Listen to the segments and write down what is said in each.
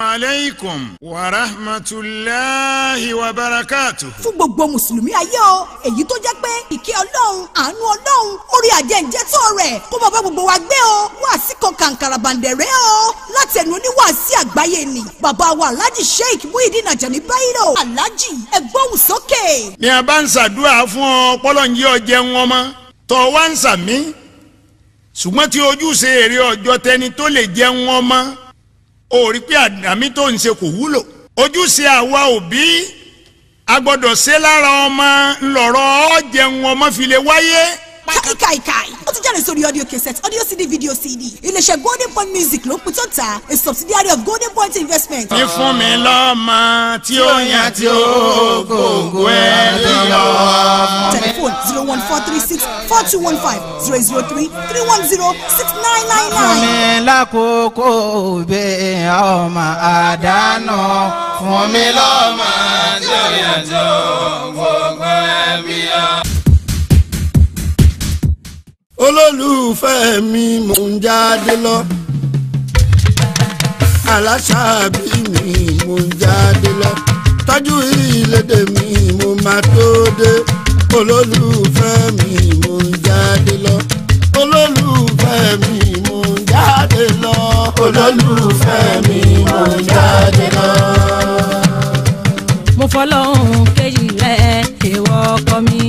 aleykum wa rahmatulahi wa barakatu. fún gbogbo mùsùlùmí ayé o èyí tó jẹ́ pé ìkẹ́ ọlọ́run àánú ọlọ́run orí àjẹǹjẹ́tọ̀ rẹ̀ kó bàbá gbogbo wa gbé o wàásì kan kàǹkàrà bàǹdẹ̀rẹ́ o láti ẹnu oníwàásì àgbáyé ni bàbá wa alhaji sheikh muhyiddin ajani bayero alhaji ẹgbọ́n sókè. ni a bá ń ṣàdúrà fún ọ pọ́lọ́njì ọjẹ́ wọn mọ́ tọ́ wá ń sàmí ṣùgbọ́n tí ojúṣe èrè ọjọ́ tẹni tó lè jẹun ọmọ ó rí pé àmì tó ń ṣe kò wúlò ojúṣe àwa òbí a gbọ́dọ̀ ṣe lára ọmọ ńlọrọ̀ jẹun ọmọ fi lè wáyé apá kan. ó ti jáde sórí audio cassette audio cd video cd iléeṣẹ́ golden point music ló pin tó ta a subsidiary of golden point investment. ní mi lọ́mọ tí ó yan tí ó gbogbo ẹ̀ lọ. tẹlifóònù zero one four three six four two one five zero zero three three one zero six nine nine nine. fún mi lákòókò bẹ́ẹ̀ ọmọ àdánù fún mi lọ́mọ tí ó yan tí ó gbogbo ẹ̀ mi. olólùfẹ́ mi mò ń jáde lọ aláṣàbí mi mò ń jáde lọ tọ́jú ìlédè mi mo máa tó dé olólùfẹ́ mi mò ń jáde lọ olólùfẹ́ mi mò ń jáde lọ olólùfẹ́ mi mò ń jáde lọ. mo fọlọ́hún kejì rẹ̀ èèwọ̀ ọkọ mi.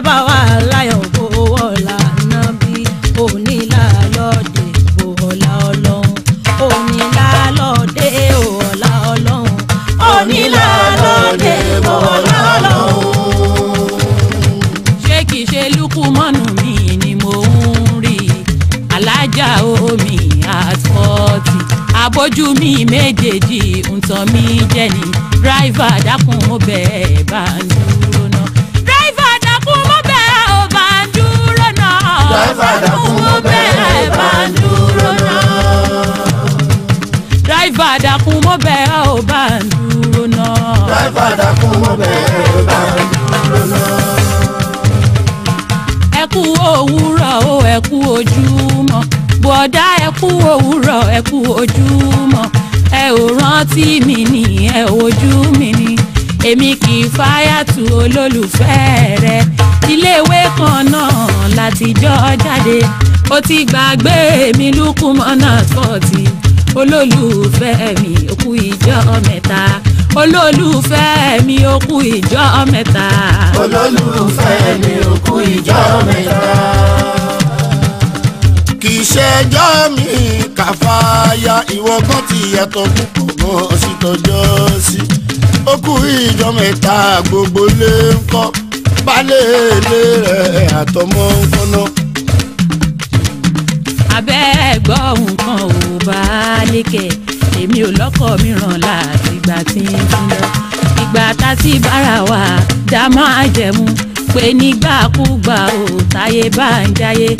ẹ bá wà láyọ̀ bó ọ̀la nábì onílà lọ́dẹ bó ọ̀la ọlọ́run onílà lọ́dẹ ọ̀la ọlọ́run onílà lọ́dẹ bó ọ̀la ọlọ́run. ṣé kìí ṣe mi ni mò ń rí mi méjèèjì ń tàn mí jẹ ni dráìvà dákun ó bẹ̀ẹ́. mo bẹ̀ ẹ́ ò bá ń dúró náà. dráìfà dákun mo bẹ̀ ẹ́ ò bá ń dúró náà. ẹ kú òwúrọ̀ o ẹ kú ojúmọ́ bọ̀dá ẹ kú òwúrọ̀ ẹ kú ojúmọ́ ẹ ò rántí mi ni ẹ ojú mi ni èmi kì í fáyàtú olólùfẹ́ rẹ iléèwé kan náà látijọ́ jáde ó ti gbàgbé mi lùkùmọ́ náà sọ̀tì olólùfẹ́ mi ó ìjọ mẹ́ta olólùfẹ́ mi ó kú ìjọ mẹ́ta. olólùfẹ́ mi ó kú ìjọ mẹ́ta. kì í ṣẹjọ́ mi kàfáyà ìwọ kan ti yàtọ̀ púpọ̀ mọ́ sí tọjọ́ sí. ó kú ìjọ mẹ́ta gbogbo lè ń kọ́ balẹ̀ èlé rẹ̀ àtọmọ́ ń kọ́nà abẹ́ ẹ̀gbọ́ nǹkan ò bá lékè èmi ò lọ́kọ̀ mìíràn látìgbà tí ń fi lọ ìgbà tá a ti bára wa dá máa jẹ̀mú pé nígbàkúgbà ò táyé bá ń jáyé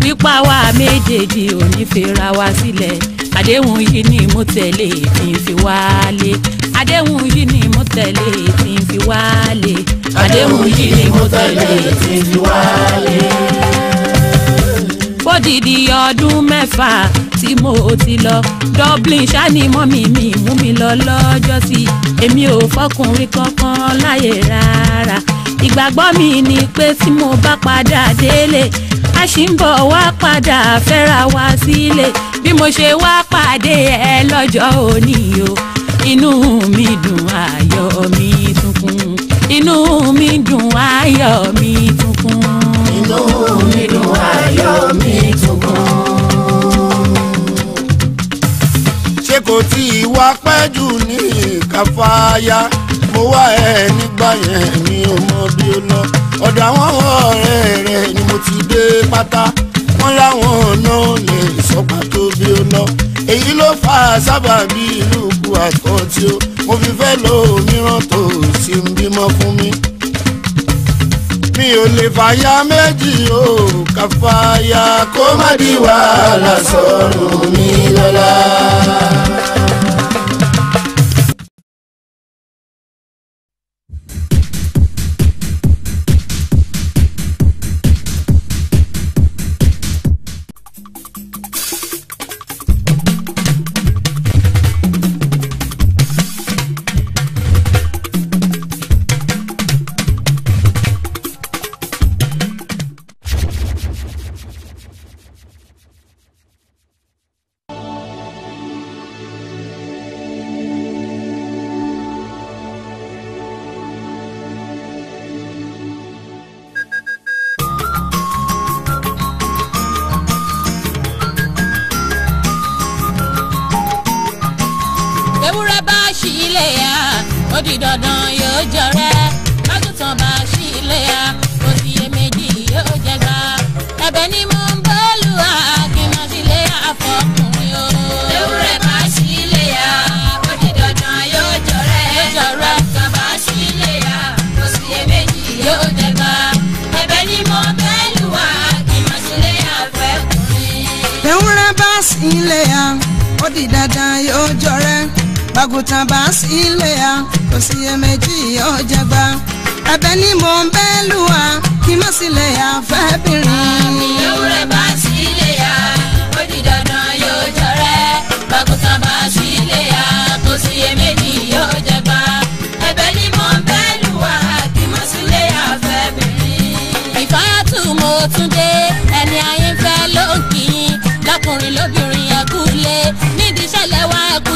pípa wa méjèèjì ò ní fẹ́ra wa sílẹ̀ àdéhùn yìí ni mo tẹ̀lé tí ń fi wálé àdéhùn yìí ni mo tẹ̀lé tí ń fi wálé àdéhùn yìí ni mo tẹ̀lé tí ń fi wálé fódìdí ọdún mẹ́fà tí mo ti lọ Dublin ṣáni mọ́mì mi mú mi lọ lọ́jọ́ sí èmi ò fọkùnrin kankan láyè rárá ìgbàgbọ́ mi ni pé tí mo bá padà délé a ṣì ń bọ̀ wá padà fẹ́ra wa sílé bí mo ṣe wá pàdé ẹ lọ́jọ́ òní o inú mi dùn ayọ̀ mi tún inú mi dùn apẹ́jù ní ìkàfàyà mo wá ẹ nígbà yẹn mi ò bí ó lọ ọ̀dọ̀ àwọn ọ̀rẹ́ rẹ̀ ni mo ti dé pátá wọ́n láwọn ọ̀nà lè sọ pàtó bí ó lọ èyí ló fà á sábà bí ìlú bu àkọ́tí ó mo fi fẹ́ lo òmíràn tó sì ń bímọ fún mi mi ò lè fàyà méjì o kàfàyà kó má di wàhálà sọ̀rọ̀ mi lọ́la.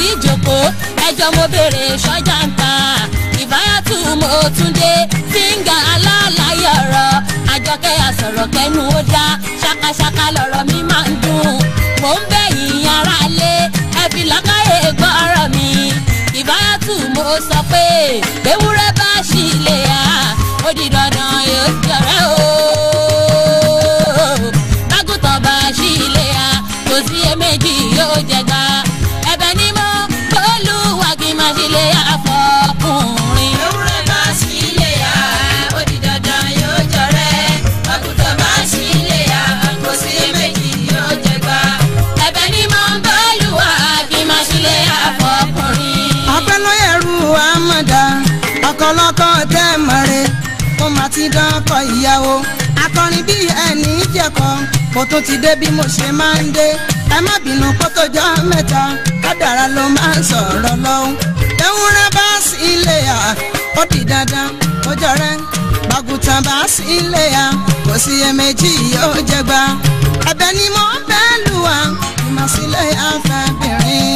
ìjòkó ẹjọ́ mo béèrè sọ́jà ń ta ìbáyàtú mo tún dé fíńgà alálàyé ọ̀rọ̀ àjọkẹ́ àsọ̀rọ̀ kẹnu ó dá ṣàkàṣàkà lọ̀rọ̀ mi máa ń dùn mò ń bẹ̀ yín ẹbí làkàyè gbọ́ ọ̀rọ̀ mi ìbáyàtú mo sọ pé ewúrẹ́ bá ṣì lè yá ó di dandan èyí ọ̀rẹ́ o. ti dánkọ ìyàwó akọrin bí ẹni jẹkọ mo tún ti dé bí mo ṣe máa ń dé ẹ má bínú kó tó jọ mẹ́ta kádàrá ló máa ń sọ̀rọ̀ lọ́wọ́ ewúrẹ́ bá sí ilé à ó di dandan ó jọrẹ bàgùtàn bá sí ilé à kò sí iyèméjì ó jẹgba ẹ̀bẹ̀ ni mo bẹ́ẹ̀ lù wá ìmọ̀sílẹ̀ àfẹ́bìnrin.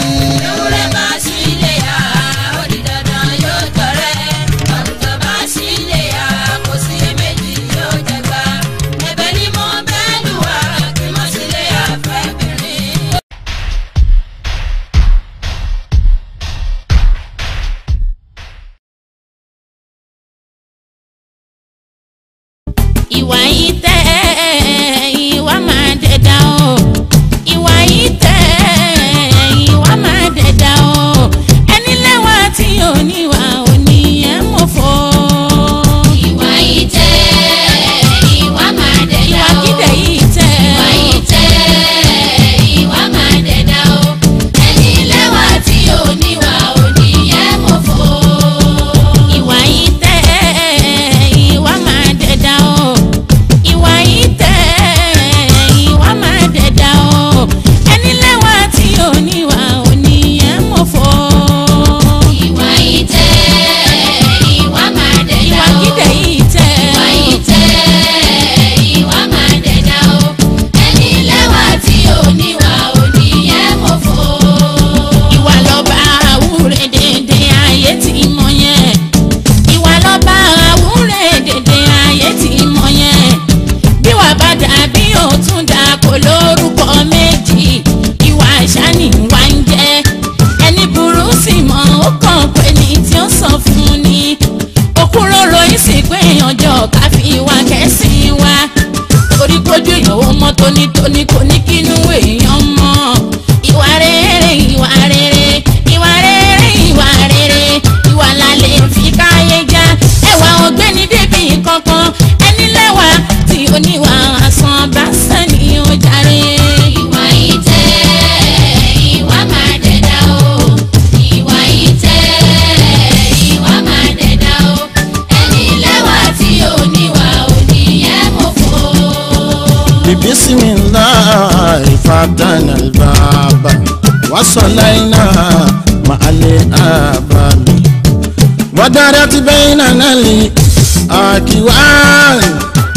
wọ́dàrẹ́ ti bẹ́yìn nàná lè àkíwá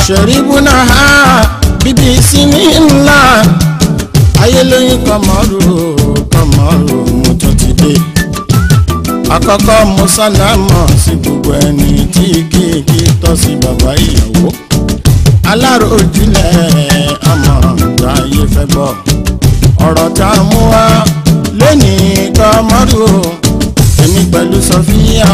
ṣẹ̀ríbù náà ha bíbí sí ní ńlá ayélujára kọmọrù kọmọrù mo tó ti dé àkọ́kọ́ mo sálámà sí gbogbo ẹni tí kíkí tọ́ sí bàbá ìyàwó alárojúlẹ̀ àmọ̀ràn gba ayé fẹ́ gbọ́ ọ̀rọ̀ tá a mú wá lónìí kọmọrù èmi pẹ̀lú sọfíà.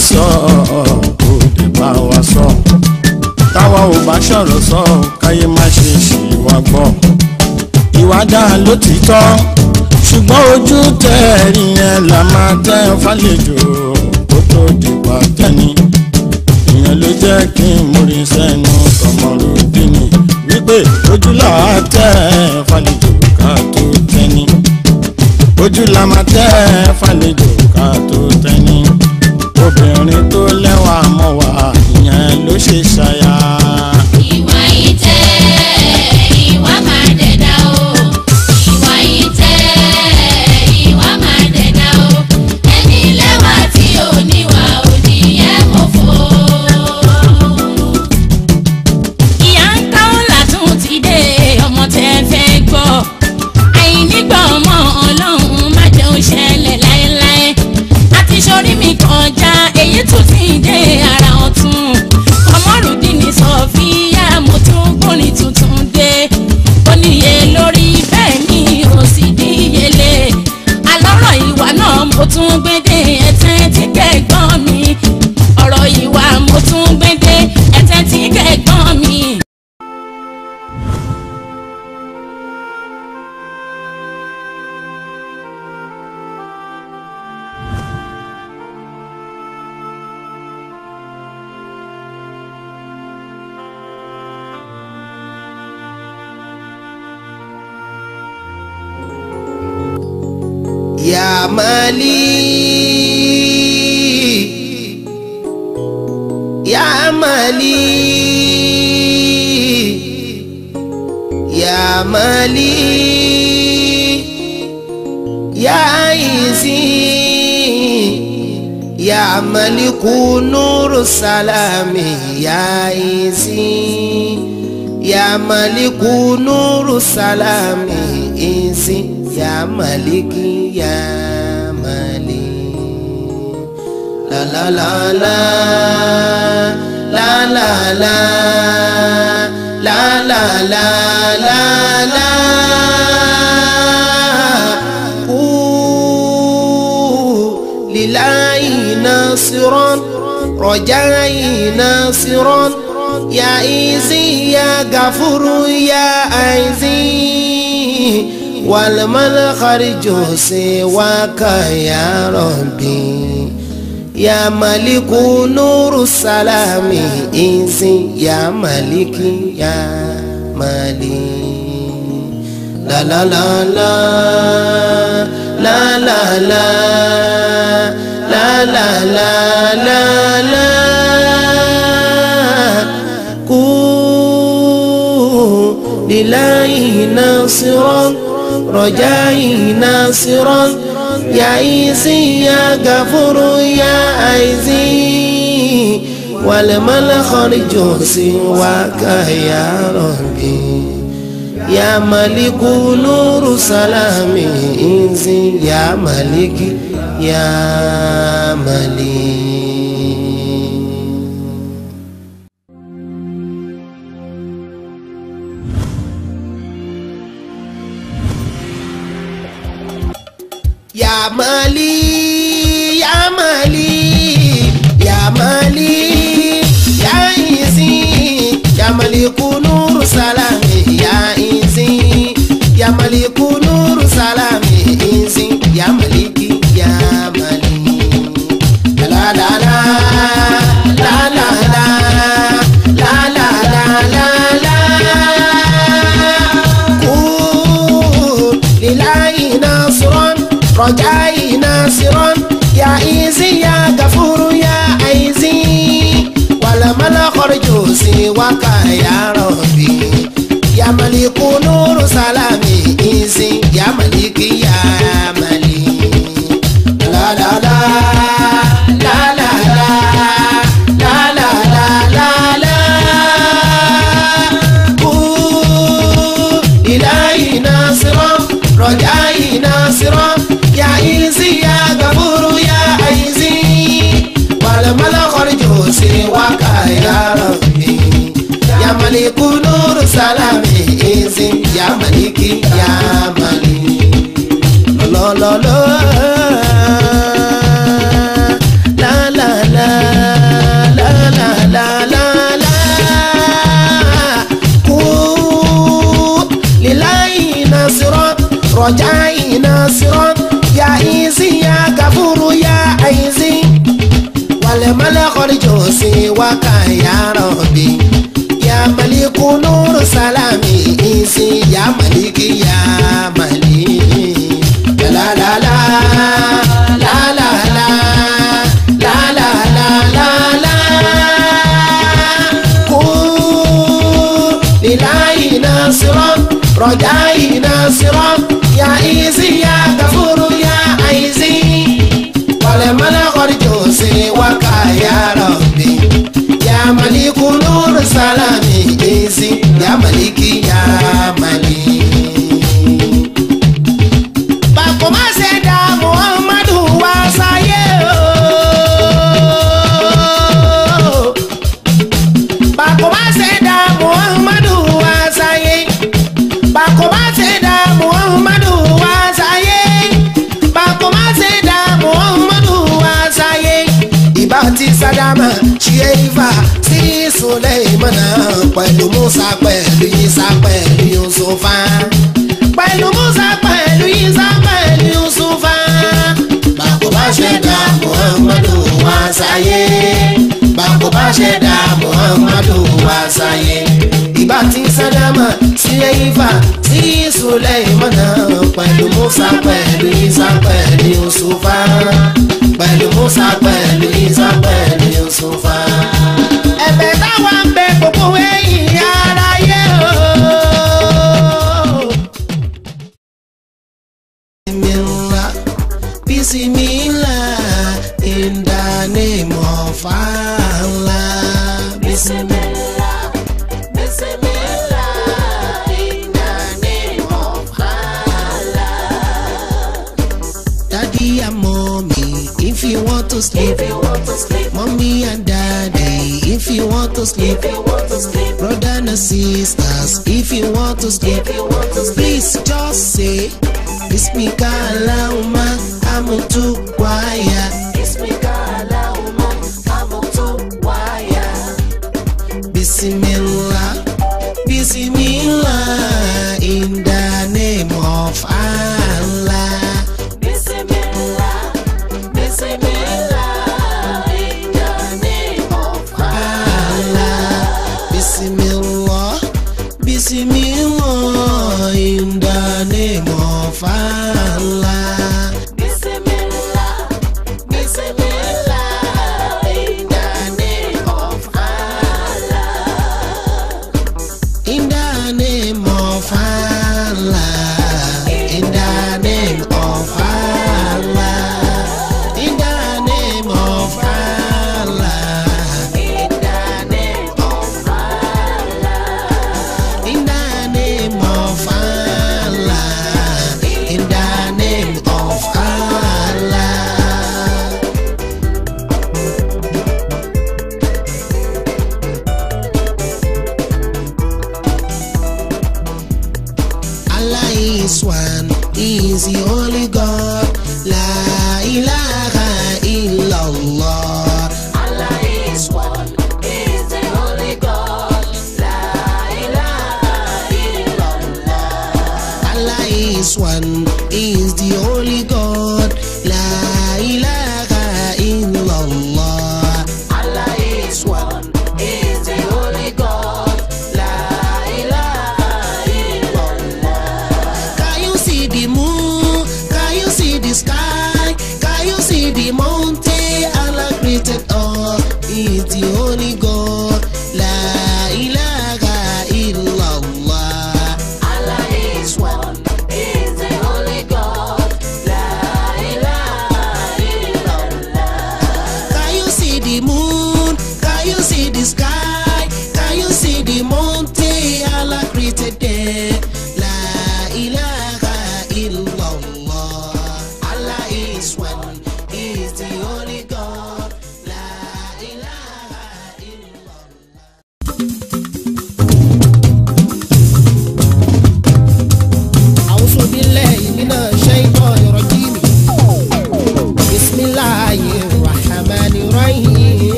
sọ kò lè bá wa sọ táwa ò bá sọ̀rọ̀ sọ káyé má ṣe ṣì wá gbọ́ ìwà dáa ló ti tọ́ ṣùgbọ́n ojú tẹ ẹ̀rí yẹn là máa tẹ fàlejò kó tó dìgbà tẹ́ni ìyẹn ló jẹ́ kí n múri sẹ́nu tọmọlódé ni wípé ojú là á tẹ fàlejò ká tó tẹ́ni ojú là máa tẹ fàlejò ká tó tẹ́ni obìnrin tó lẹ́wà mọ́ wa ìyẹn ló ṣe ṣàyẹ̀. مالي يا مالي يا عيسي يا ملك نور السلام يا عيسي يا ملك نور السلام عيسي يا ملك يا ملك لا لا لا لا لا لا لا لا لا لا لا لا لله ناصرا رجائي ناصرا يا عزي يا غفور يا عزي والمن خرج سواك يا ربي ya maliku nuru salami inzi ya maliki ya mali la la la la la la la la la la la la ku lilahi nasiran rajai nasiran يا عيسي يا غفور يا عيسي ولم الخرج سواك يا ربي يا ملك نور سلامي إنزي يا ملك يا ملك Yamali, Yamali, Yamali, yá Yamali. yá رجائي ناصرا يا عيسي يا غفور يا عيسي ولمن غرج سواك يا ربي يا ملك نور سلامي عيسي يا ملكي يا مليك ṣílẹ́yìnfà sí Sùlẹ́ìmọ́nà pẹ̀lú Musa pẹ̀lú Isa pẹ̀lú Yusufa pẹ̀lú Musa pẹ̀lú Isa pẹ̀lú Yusufa.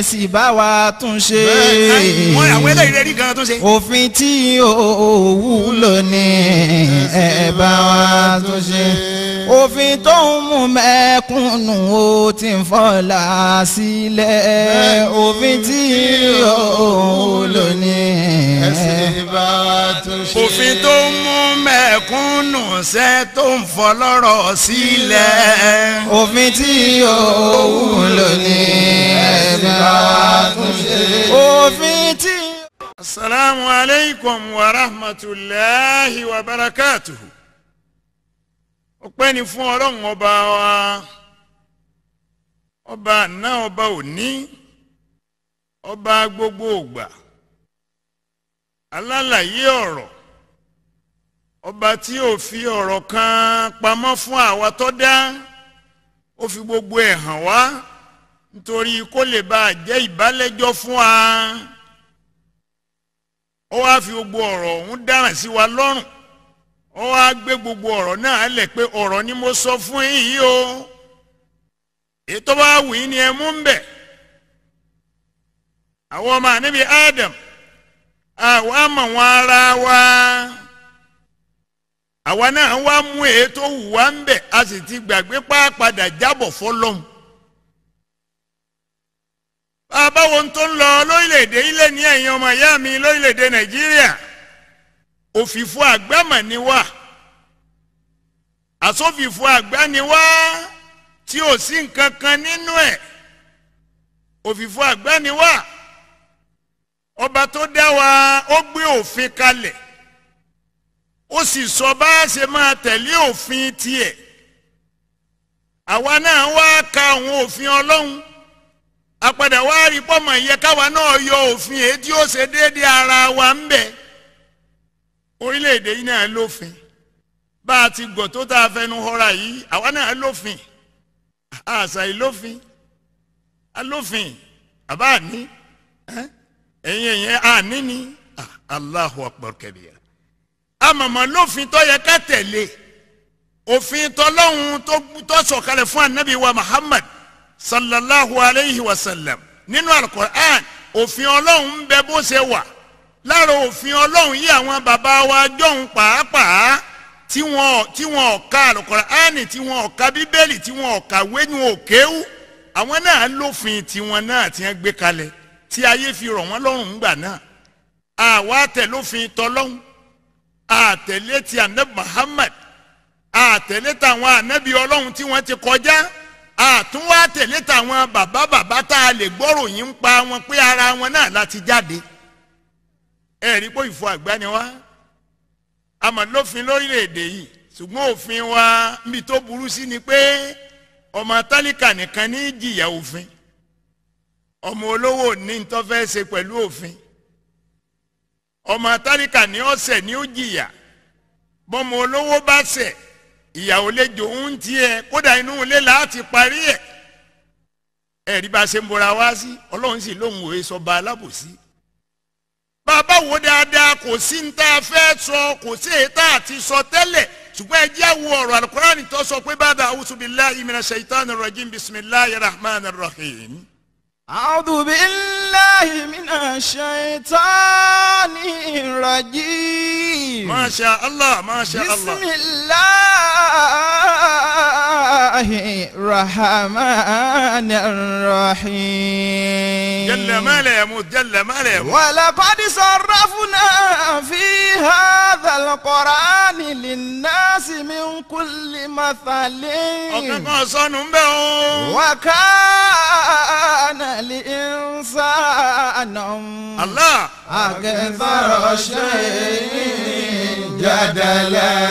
ẹ sì bá wa tún ṣe. wọ́n àwọn eléyìí lè rí gan òfin tí òwú lò ní ẹ bá wa tún ṣe. òfin tó ń mú mẹ́kúnnù ó ti ń fọ́lá sílẹ̀. òfin tí òwú lò ní ẹ bá wa tún ṣe. òfin tó ń ìránṣẹ́ tó ń fọlọ́rọ̀ sílẹ̀. òfin tí yóò wúlò ní ẹ̀sìn àtúnṣe. òfin tí. asalaamu aleykum wa rahmatulahi wa barakatuhu. ọpẹ́ ni fún ọlọ́run ọba wa ọba àná ọba òní ọba gbogbo ògbà alálàyé ọ̀rọ̀. ọba tí ò fi ọ̀rọ̀ kan pamọ́ fún àwa tó dá ó fi gbogbo ẹ̀ hàn wá nítorí kó lè bá a jẹ́ ìbálẹ́jọ́ fún wa ó wá fi gbogbo ọ̀rọ̀ ọ̀hún dáràn sí wa lọ́rùn ó wá gbé gbogbo ọ̀rọ̀ náà lẹ̀ pé ọ̀rọ̀ ni mo sọ fún yìí o èyí tó bá wù yín ni ẹ mú ń bẹ̀ àwọn ọmọ àníbi Adam àwọn àmọ̀ wọn ara wa. àwa náà wá mú èyí tó wù wá ń bẹ̀ a sì ti gbàgbé pápadà jábọ̀ fọlọ́hún. báwo ń tó ń lọ lórílẹ̀‐èdè ilé ní ẹ̀yìn ọmọ ìyá mi lórílẹ̀‐èdè nàìjíríà òfìfo àgbà mà ni wá àsófìfo àgbà ni wá tí ò sí nǹkan kan nínú ẹ̀ òfìfo àgbà ni wá ọba tó dá wa ó gbé òfin kalẹ̀ ó sì sọ bá a ṣe máa tẹ̀lé òfin tiẹ̀ àwa náà wá ka àwọn òfin ọlọ́run àpàdà wá rí pọ́mọ̀ yẹ káwa náà yọ òfin èyí tí ó ṣe déédéé ara wa ń bẹ̀ orílẹ̀-èdè yìí náà lófin bá a ti gọ̀ tó tá a fẹnu họra yìí àwa náà lófin àṣà ìlófin alófin àbá àní ẹ̀yìn ẹ̀yìn àní ni ah, Allahu akbar kabira amọ̀mọ̀ lófin tó yẹ ká tẹ̀lé òfin tọlọ́hun tó sọ̀kalẹ̀ fún anabi wa muhammad sallallahu alayhi wa sallam nínú alukur'an òfin ọlọ́hun ń bẹ bó ṣe wà lára òfin ọlọ́hun yí àwọn bàbá wa jọ̀hún pàápàá tí wọn tí wọn ọ̀ka alukur'ani tí wọn ọ̀ka bíbélì tí wọn ọ̀ka wẹ́nu òkéwú àwọn náà lófin tiwọn náà ti ń gbé kalẹ̀ tí ayé fi rọ̀ wọ́n lọ́rùn ńgbà náà àwa tẹ̀ lófin tọlọ́hun àtẹ̀lé ti anabi Muhammad àtẹ̀lé tàwọn anabi ọlọ́run tí wọ́n ti kọjá àtúnwá àtẹ̀lé tàwọn bàbá bàbá tá a lè gbọ́rò yín ń pa wọn pé ara wọn náà láti jáde ẹ̀rí pé ìfọ àgbá ni wá àmọ́ lórílẹ̀‐èdè yìí ṣùgbọ́n òfin wa níbi tó burú sí ni pé ọmọ tálíkà nìkan ní jìyà òfin ọmọ olówó ní tó fẹ́ ṣe pẹ̀lú òfin ọmọ tálíkà ní ọ̀sẹ̀ ní ó jìyà bọ́mọ olówó bá ṣẹ̀ ìyàwó lè jò ń tiẹ̀ kódà inú ilé láti parí ẹ̀ ẹ̀rí bá ṣe ń bora wá sí ọlọ́run sì lóhùn òye sọ ba alábòsí bàbá wo dáadáa kò sí ní tá a fẹ́ sọ kò sí èyí tá a ti sọ tẹ́lẹ̀ ṣùgbọ́n ẹ jẹ́ wo ọ̀rọ̀ alukurani tó sọ pé bàdà awusubilayi mina shaitan rajim bisimilayi rahman rahim. أعوذ بالله من الشيطان الرجيم ما شاء الله ما شاء الله بسم الله الرحمن الرحيم جل ما لا يموت جل ما لا يموت ولقد صرفنا في هذا القرآن للناس من كل مثل وكان الإنسان الله أكثر شيء جدلا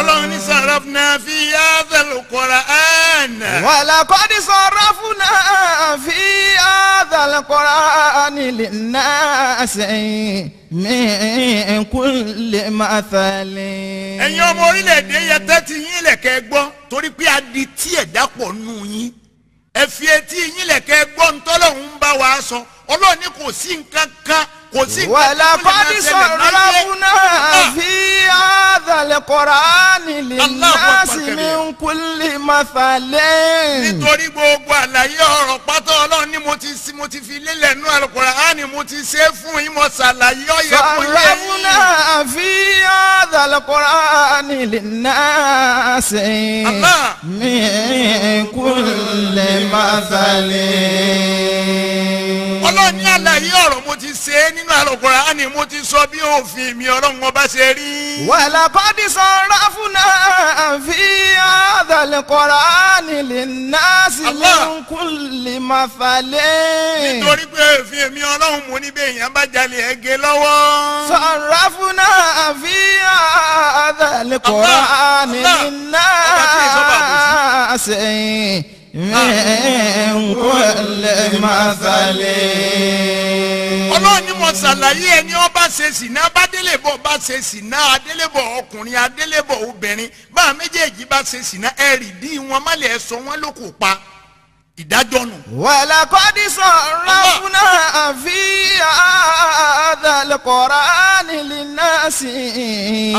الله صرفنا في هذا القرآن ولقد صرفنا في هذا القرآن للناس من كل مثل. ẹ̀yin ọmọ orílẹ̀-èdè yẹn tẹ́tí yín lẹ̀kẹ́ gbọ́ torí pé adití ẹ̀dá pọ̀ nù yín ẹ fi etí yín lẹ̀ kẹ́ bá wa sọ. So ọlọ́run ní kò sí nǹkan kan kò sí nǹkan kan. wàlá kọ́ni sọ̀rọ̀ fúnà ah! fi àdàlẹ̀ Kùránì lè násì min kulli mathalin. nítorí gbogbo àlàyé ọ̀rọ̀ pátá ọlọ́run ni mo ti si mo ti fi lélẹ̀ nú Al-Kùránì mo ti ṣe fún yín mo ṣàlàyé ọ̀yẹ́ fún yín. sọ̀rọ̀ fúnà fi àdàlẹ̀ Kùránì lè násì min kulli mathalin ọlọ́run ní àlàyé ọ̀rọ̀ mo ti ṣe é nínú àlòkùnrin àní mo ti sọ bí òfin mi ọlọ́run ọba ṣe rí. wàlá kọ́dí sọ̀rọ̀ fúnà fi àdàlẹ̀ kọ́ra nílẹ̀ náà sí lẹ́kùn lè má falẹ̀. nítorí pé òfin mi ọlọ́run mo ní bẹ́ẹ̀ yẹn bá jalè ẹ̀ lọ́wọ́. sọ̀rọ̀ fúnà fi àdàlẹ̀ kọ́ra nílẹ̀ náà sẹ́yìn min kulli masalin. ọlọ́run ni mo ṣàlàyé ẹni ọba ṣe sìnà bádélébọ̀ bá ṣe sìnà adélébọ̀ ọkùnrin adélébọ̀ obìnrin bá méjèèjì bá ṣe sìnà ẹ̀rì dín wọn má lè sọ wọn lókùpa ìdájọ́ nù. wàlá kọ́dí sọ̀rọ̀ fúnà àfi àdàlùkọ́rá nílì náà sí i.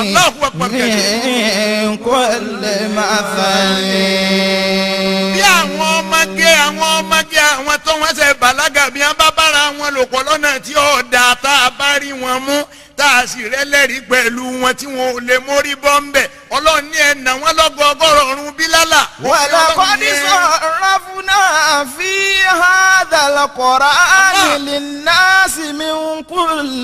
aláàkú àpàkẹ́jọ. lè máa fàlẹ́. bí àwọn ọmọge àwọn ọmọge àwọn tó wọ́n ṣe bàlágà bí wọ́n bá bára wọn lò pọ̀ lọ́nà tí ó dáa tá a bá rí wọn mú tá a sì rẹ́lẹ́rìí pẹ̀lú wọn tí wọn ò lè mórí bọ́ ń bẹ̀ ọlọ́run ní ẹ̀nà wọn lọ́gọ́ ọgọ́rùn ọ̀run bílálà. wàlá kọ́ni sọ̀rọ̀ fúnà fi hàdà lọ́kọ̀ọ́rọ̀ àdìlì náà sì mi ń kú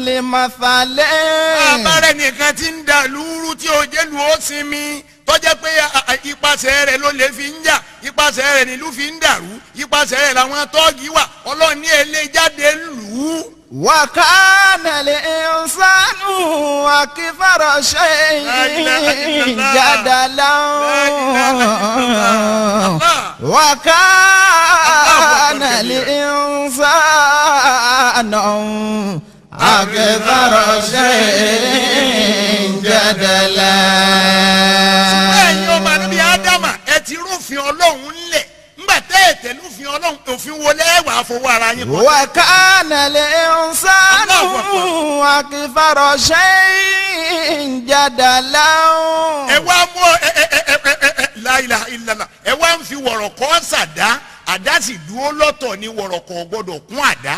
lè má falẹ̀. abárẹ́ nìkan ti ń dà lúrú tí ó jẹ́ ó sinmi tọ́jẹ́ pé ipasẹ̀ rẹ̀ ló lè fi ń jà ipasẹ̀ rẹ̀ nílùú fi ń dàrú ipasẹ̀ rẹ̀ làwọn tọ́ọ̀gì wà ọlọ́run ní ẹ̀ lù ú. وكان الإنسان وكفر شيء جدلا وكان الإنسان أكثر شيء جدلا. ṣùgbọ́n ẹ̀yin ọmọ níbi ádámà ẹ òfin ọlọ́run òfin wo lẹ́wàá fowó ara yín kọ́. wà á ká nàlẹ́ ń sánú àkìfàrọ̀ ṣe ń jàdà láwọn. ẹ wá mú ẹ ẹ ẹ ẹ láìla ìlànà ẹ wá ń fi wọ̀rọ̀ kọ́ sàdá àdá sì dúró lọ́tọ̀ ni wọ̀rọ̀ kọ́ gbọ́dọ̀ kún àdá.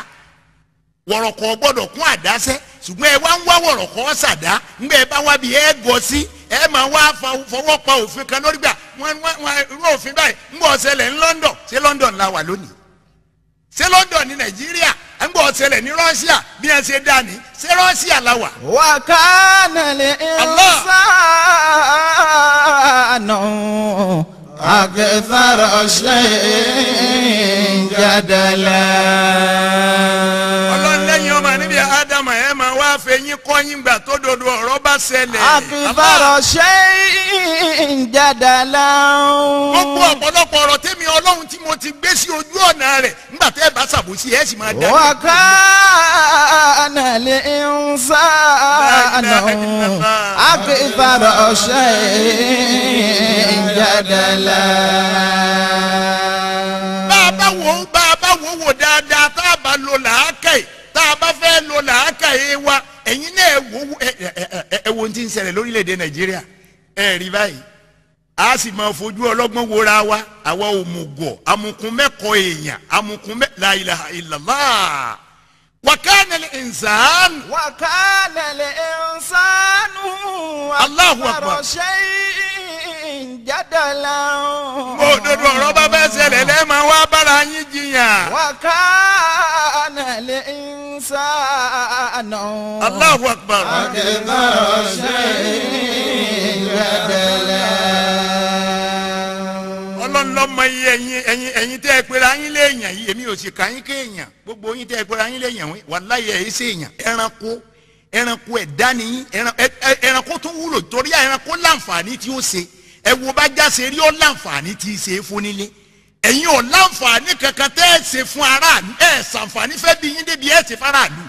wọrọkọ gbọdọ kún àdáṣẹ́ ṣùgbọ́n ẹ wá ń wá wọ̀rọ̀kọ̀ ṣàdá ńgbẹ́ ẹ bá wá bí ẹ gọ sí ẹ máa wá fọwọ́ pa òfin kan lórí gbà wọn wọn irú òfin báyìí ń bọ̀ ní London ṣé London la wà lónìí ṣé London ní Nàìjíríà ń bọ̀ ṣẹlẹ̀ ní Russia bí ẹ ṣe dá ní ṣé Russia la wà. wà á ká nàlẹ́ ìrúsà náà. أكثر شيء جدلا. fẹ̀yìn kọ́yìn gbà tó dodo ọ̀rọ̀ bá ṣẹlẹ̀. àkìbọ̀rọ̀ ṣe ìjàdàlá o. gbogbo ọ̀pọ̀lọpọ̀ ọ̀rọ̀ tẹ́mi ọlọ́run tí mo ti gbé sí ojú ọ̀nà rẹ̀ nígbà tẹ́ ẹ bá ṣàbòsí ẹ̀ sì máa dá. wà á ká ànàlẹ́ ìnsá àná àkìbọ̀rọ̀ ṣe ìjàdàlá. bá a bá wo bá a bá wo wò dáadáa tá a bá lò làákẹ́ yìí. tá a bá fẹ́ lo làákàyè wa ẹ̀yin náà ẹ wo ti ń ṣẹlẹ̀ lórílẹ̀‐èdè nàìjíríà ẹ rí báyìí a sì máa fojú ọlọ́gbọ́n wora wa àwa òmùgọ̀ amukun mẹ́kọ̀ọ́ èèyàn amukun mẹ́ la وكان الإنسان وكان الإنسان الله أكبر شيء جدلا òdodo ọ̀rọ̀ bá وكان الإنسان الله أكبر شيء جدلا lọ́mọ iye ẹ̀yin ẹ̀yin ẹ̀yin tẹ́ ẹ pera yín léèyàn yìí èmi ò sì kà yín kéèyàn gbogbo yín tẹ́ ẹ pera yín léèyàn wàláyé ẹ̀ ṣèèyàn ẹranko ẹranko ẹ̀dá nìyí ẹranko tó wúlò torí ẹranko láǹfààní tí ó ṣe ẹ wo bá jáse rí ọ láǹfààní tí í ṣe é fún nílé ẹ̀yin ò láǹfààní kankan tẹ́ ẹ ṣe fún aráàlú ẹ ṣàǹfààní fẹ́ bí yín débi ẹ ṣe fáráàlú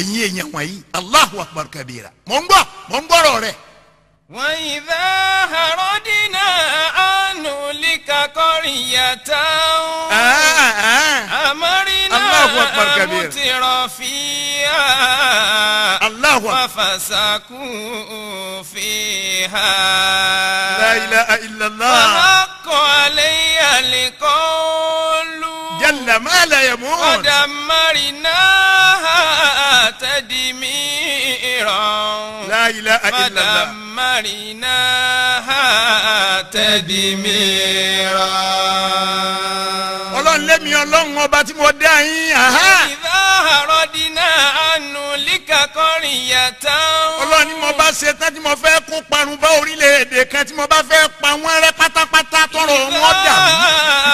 ẹ̀yin èèyàn wọ̀nyí Allahu Akbar kabira ń gbọ́ mọ̀ ń gbọ́rọ̀ rẹ̀ وإذا أردنا أن نهلك قرية آه، آه، آه. أمرنا الله أكبر كبير فيها الله وفسقوا فيها لا إله إلا الله وحق علي القول جل ما لا يموت ودمرناها تدمير خيرا لا إله إلا الله ودمرناها تدميرا ọlọ́run lẹ́mi ọlọ́run ọba tí mo dá yín. ìdá àròdìnà àánú líkàkọ́rin yàtá. ọlọ́run ni mo bá ṣe tán tí mo fẹ́ kó parun bá orílẹ̀-èdè kan tí mo bá fẹ́ pa wọ́n rẹ́ pátápátá tọrọ wọn dà.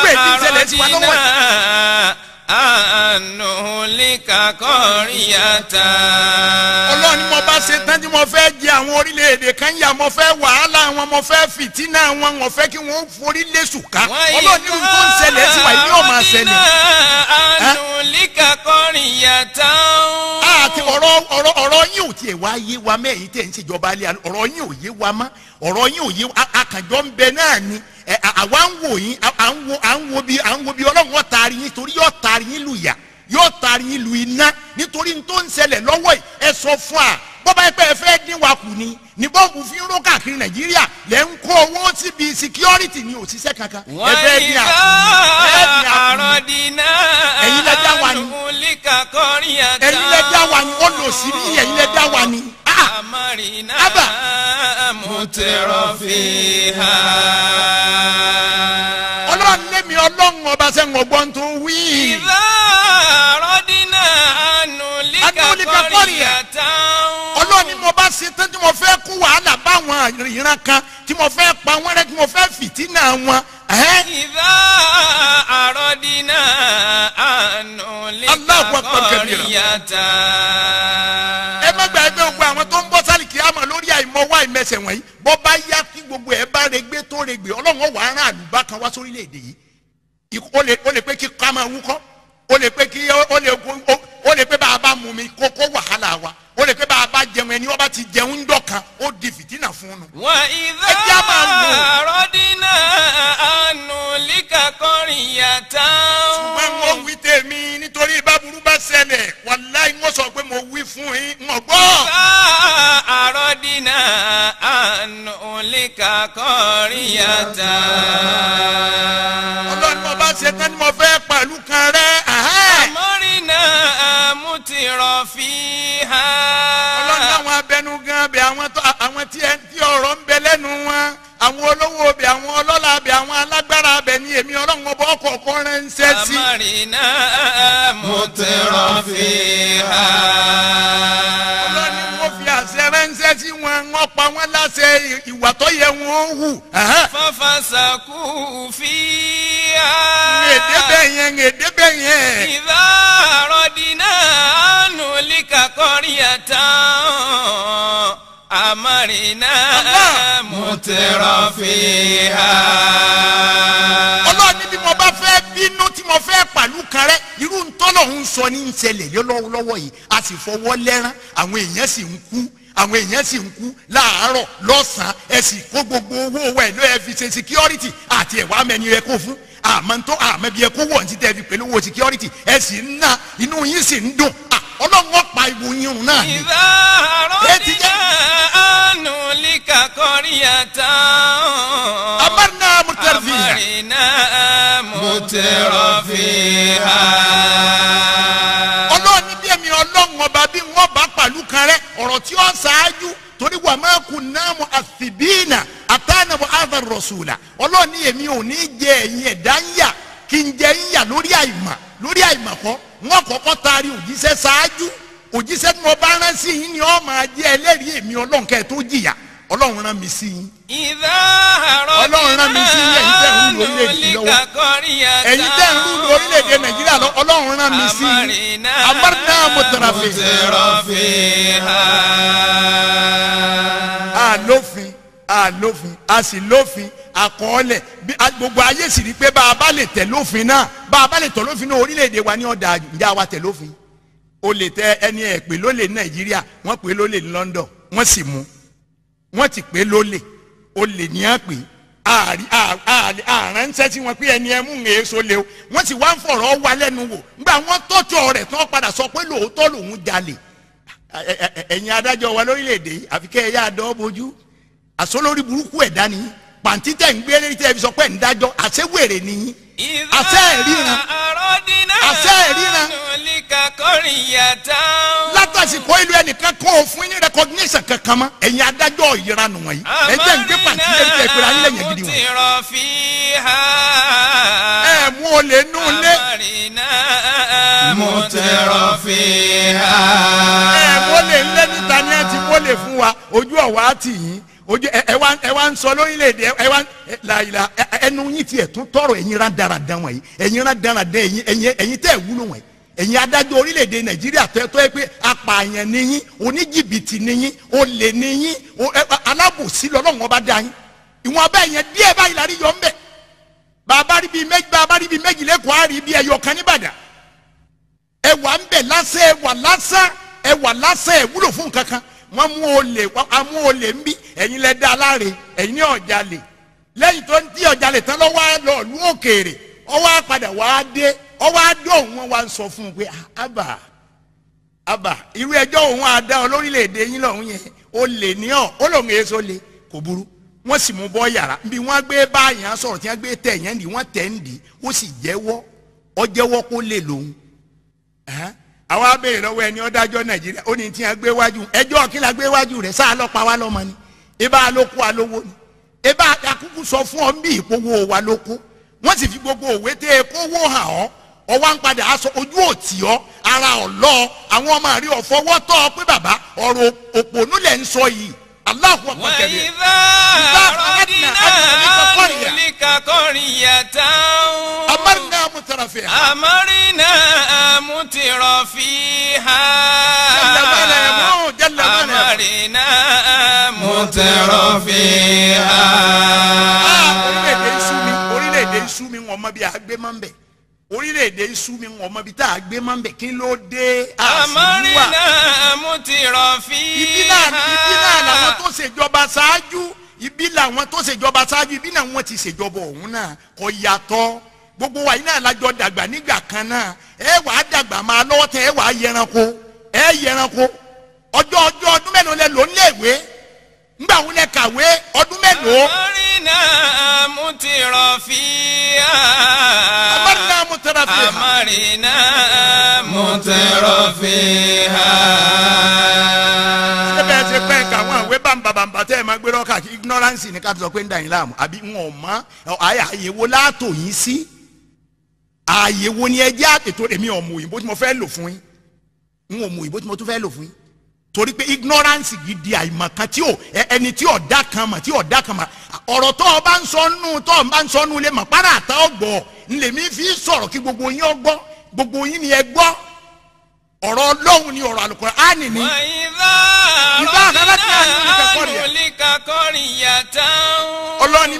ìdá àròdìnà ànúlíkà kọ́ríyàtà. ọlọ́run ni mo bá ṣe tán tí mo fẹ́ jẹ àwọn orílẹ̀-èdè kan yà mo fẹ́ wàhálà wọn mo fẹ́ fìtínà wọn mo fẹ́ kí wọ́n forí lẹ́sù ká ọlọ́run ní nǹkan ń ṣẹlẹ̀ sí wa yìí yóò máa ṣẹlẹ̀. ànúlíkà kọ́ríyàtà. àti ah, ọ̀rọ̀ ọ̀rọ̀ ọ̀rọ̀ yín ò tiẹ̀ wá yé wa mẹ́yìn tẹ̀ ń ṣèjọba alẹ́ àná ọ̀rọ̀ yín ò yé wa mọ́ ọ̀rọ̀ yín ò yé wa akànjọ́ ń bẹ náà ni àwa ń wò yín à ń wo à ń wo bí à ń wo bí ọlọ́run ọ̀taari yín torí yóò taari yín lu ìyà yóò taari yín lu iná nítorí n tó ń ṣẹlẹ̀ lọ́wọ́ yìí ẹ sọ fún wa bọ́ba ẹ pé ẹ fẹ́ dín wa kù ni ní bọ́ọ̀bù fi ń ró káàkiri nàìjíríà lẹ́ ń kó owó síbi security ní òṣìṣẹ́ kankan ẹ fẹ́ dín àkùn ẹ dín àkùn. تمطر فيها ọlọ́run lèmi ọlọ́run ọba ṣe ń gbọ́n tó wí. ìlà rọ́dínà ànúlíkà kọ́ríyà ọlọ́run ni mo bá ṣe tán tí mo fẹ́ kú wàhálà báwọn ìran kan tí mo fẹ́ pa wọ́n rẹ́ tí mo fẹ́ fìtínà wọn. ìlà rọ́dínà ànúlíkà kọ́ríyà tán ẹsẹ̀ wọ̀nyí bọ́ bá yá kí gbogbo ẹ̀ bá regbe tó regbe ọlọ́run wà á rán kan wá sórílẹ̀-èdè yìí ó lè pé kí ká máa wúkọ́ ó lè pé kí ó lè pé bàbá mú mi kó wàhálà wa ó lè pé bàbá jẹun ẹni wọ́n ti jẹun dọ̀ ó di fìtínà fún un. wọ́n ìdá àròdínà àánú líka kọrin yàtá. ṣùgbọ́n mo wí tèmi nítorí báburú bá ṣẹlẹ̀ wàláì ń sọ pé mo wí fún yín mọ̀ gbọ́. ìdá àròdínà. ربنا an أهلك قرية. ọlọ́run mo bá ṣe tán ni mo fẹ́ pàlú kan rẹ̀. àmọ́rìnà àmútirọ̀ fi hàn. ọlọ́run àwọn abẹnugan bẹ àwọn tí ọ̀rọ̀ ń bẹ lẹ́nu wọn àwọn olówó bẹ àwọn ọlọ́lá bẹ àwọn alágbára bẹ ni èmi ọlọ́run ọba ọkọ̀ kan ń ṣẹ́ sí. àmọ́rìnà àmútirọ̀ fi hàn. ọlọ́run ránṣẹ́ sí wọn wọ́n pa wọ́n láṣẹ ìwà tó yẹ wọ́n hù. fọ́fà sàkú fi á. èdè bẹ́ẹ̀ yẹn èdè bẹ́ẹ̀ yẹn. ìdá àròdìnà àánú líkàkọ́rí àtàn àmàrìnà mùtẹ̀rọ̀fì á. ọlọ́ọ̀ni bí mo bá fẹ́ bínú tí mo fẹ́ pàlú kan rẹ́ irú ntọ́lọ́hún sọ ní ń ṣẹlẹ̀ yìí a sì fọwọ́ lẹ́rán àwọn èèyàn sì ń kú àwọn èèyàn sì ń kú láàárọ̀ lọ́sàn-án ẹ sì kó gbogbo owó wẹ̀ ló ẹ fi ṣe security àti ẹ̀wà mẹ́ni ẹ kó fún àmọ́ tó àmọ́ bí ẹ kó wọ̀ ní tẹ́ fi pẹ̀lú owó security ẹ sì ń ná inú yín sì ń dùn ọlọ́wọ́ pa ìwò yín náà ni. ìbá àròdìyà àánú líka kọ́ríyà tán. amárínà mutẹ́rọ̀fì. amárínà mutẹ́rọ̀fì. ọlọ́run ọlọ́run ọba bí wọ́n bá pàlú kan rẹ ọ̀rọ̀ tí ó ṣáájú torí wà máa kú náà mu àfìbínà àtànàbọ̀ àfàrù rọ̀ṣùlà ọlọ́run ní èmi ò ní jẹ ẹ̀yìn ẹ̀dá ń yà kí n jẹ ń yà lórí àìmọ̀ lórí àìmọ̀ kọ́ wọ́n kọ́kọ́ taari òjíṣẹ́ ṣáájú òjíṣẹ́ tí wọ́n bá rán sí yín ni ó máa jẹ́ ẹlẹ́rìí èmi ọlọ́run kẹ́ẹ̀ tó jìyà ọlọ́run rán mi sí yín ìdá àrọ́ ọlọ́run rán mi sí ẹ̀yin tẹ̀ ń rú orílẹ̀-èdè lọ́wọ́ ẹ̀yin tẹ̀ ń rú orílẹ̀-èdè nàìjíríà lọ ọlọ́run rán mi sí amárínà mọ̀tàràfẹ́. àlófin àlófin a sì lófin àkọọ́lẹ̀ gbogbo ayé sì rí pé bá a bá lè tẹ̀ lófin náà bá a bá lè tẹ̀ lófin náà orílẹ̀-èdè wa ní ọ̀dà ìjà wa tẹ̀ lófin o lè tẹ ẹni ẹ̀ pé lólè nàìjíríà wọ́n pè lólè ní London wọ́n sì mú wọ́n ti pè lólè olè ní àpè àránṣẹ́ tí wọ́n pé ẹni ẹ mú ń èso lé o wọ́n sì wá ń fọ̀rọ̀ wá lẹ́nu wò nígbà wọ́n tọ́jú rẹ̀ tí wọ́n padà sọ pé lóòótọ́ lòun jalè ẹ̀yin adájọ́ wa lórílẹ̀‐èdè àfi kẹ́ ẹ bójú àsọlórí burúkú ẹ̀dá ni pàǹtí tẹ̀ ń gbé tẹ̀ fi sọ pé ń dájọ́ àṣẹ nìyí àṣẹ ìríran àṣẹ ìríran ìlú ẹnìkan kọ́ ọ fún ní recognition kankan mọ́ ẹ̀yin adájọ́ ìranù wọ̀nyí ẹ̀ jẹ́ ń gbé pàǹtí lé tẹ̀ pé ayé lẹ́yìn gidi wọn. ẹ mú o lè nú lé. mo tẹ̀rọ fi hà. ẹ mú o lè lé níta ni ẹ ti mú o lè fún wa ojú ọ̀wá tì yín ojú ẹ wá ẹ wá ń sọ lórílẹ̀‐èdè ẹ wá làyìlà ẹnu yín tiẹ̀ tún tọrọ ẹ̀yin rán dáradára wọ̀nyí ẹ̀yin rán dáradára ẹ̀yin ẹ̀yin ẹ̀yin tẹ́ ẹ̀ wúlò wọ̀nyí ẹ̀yin adájọ́ orílẹ̀‐èdè nàìjíríà tọ́ ẹ pé apààyàn ni yín oníjìbìtì ni yín olè ni yín alábòsí lọ́lọ́wọ́n bá dá yín ìwọ̀n abẹ́ yẹn díẹ̀ báyìí la rí yọ ńbẹ̀ bàbá rí bíi méjì bàbá rí bíi méjì lẹ́kọ̀ọ́ àrí bíi ẹ̀yọ̀ kan wọ́n mú olè amú olè ń bí ẹ̀yin lẹ dá aláre ẹ̀yin ní ọ̀jalè lẹ́yìn tó ń tí ọ̀jalè tán lọ́wọ́ lọ lú òkèèrè ọwọ́ dé òun ń sọ fún un pé àbà ah, àbà irú ẹjọ́ òun àdá ọ yín lọ́hún yẹn ó ní ọ èso lè kò burú wọ́n sì mú bọ yàrá bí wọ́n gbé tí gbé yẹn wọ́n tẹ ń ó sì ọ kó lè lòun àwa abèrè lọ́wọ́ ẹni ọ̀dájọ́ nàìjíríà ó ní tí a gbé wájú ẹjọ́ kí la gbé wájú rẹ̀ sáà lọ́pàá wa lọ́mọ ni ibà ló kó alówó ni ibà akúkú sọ fún ọ bí ìpowó wa ló kó wọ́n sì fi gbogbo òwe tẹ́ ẹ kówó hàn ọ́ ọwọ́ ń padà aṣọ ojú òtì ọ́ ara ọ̀lọ́ àwọn ọmọ rí ọ̀fọwọ́tọ́ pé bàbá ọ̀rọ̀ òpònú lẹ̀ ń sọ yìí Allahu akbar kẹbi. wọ́n ìdá rọ́dínà lùlíkà kọ́rìyà táwọn. amarina mutara fi ha. amarina mutara fi ha. jallamala ya ah, ha. orílẹ̀-èdè isu mi orílẹ̀-èdè isu mi wọ́n mọ bí i àgbẹ̀ máa ń bẹ̀. orílẹ̀-èdè isu wọn ọmọ ibi tá a gbé máa ń bẹ̀ kí ló dé ibi na làwọn tó ṣèjọba ṣáájú ibi tó ṣèjọba ṣáájú ibi na ti ṣèjọba ọ̀hún náà kọ yàtọ̀ gbogbo wa ina náà dagba dàgbà nígbà kan náà ẹ wàá dàgbà máa lọ́wọ́ tẹ ẹ wàá yẹranko ẹ yẹranko ọjọ́ ọjọ́ ọdún lẹ ń léèwé ngbà lẹ kàwé ọdún mo ti rọ̀ fi فيها أمرنا متر فيها ti pẹ́ nǹkan àwọn ìwé bàǹbàǹbà tẹ́ ẹ máa gbé lọ́kà kí ignorance ni ká sọ pé ń dà yín láàmú àbí wọn ò mọ àyè wo látò yín sí àyè wo ni ẹ jẹ́ àtètò èmi ò òyìnbó tí mo fẹ́ lò fún yín n ò mọ òyìnbó tí mo tún fẹ́ lò fún yín torí pé ignorance gidi àìmọ̀kan tí ò ẹni tí ọ̀dà kan mọ̀ tí ọ̀dà kan mọ̀ ọ̀rọ̀ tó o bá ń sọ nù tó o bá ń sọ nù lè mọ̀ párá àtà ọ̀gbọ̀ ńlẹ̀mí fi sọ̀rọ̀ kí gbogbo yín ọgbọ́ gbogbo yín ni ẹ gbọ́ ọ̀rọ̀ ọlọ́run ni ọ̀rọ̀ Al-Qur'ani ni. ìbá àkàràtà olùkàkọ́rìyàtà.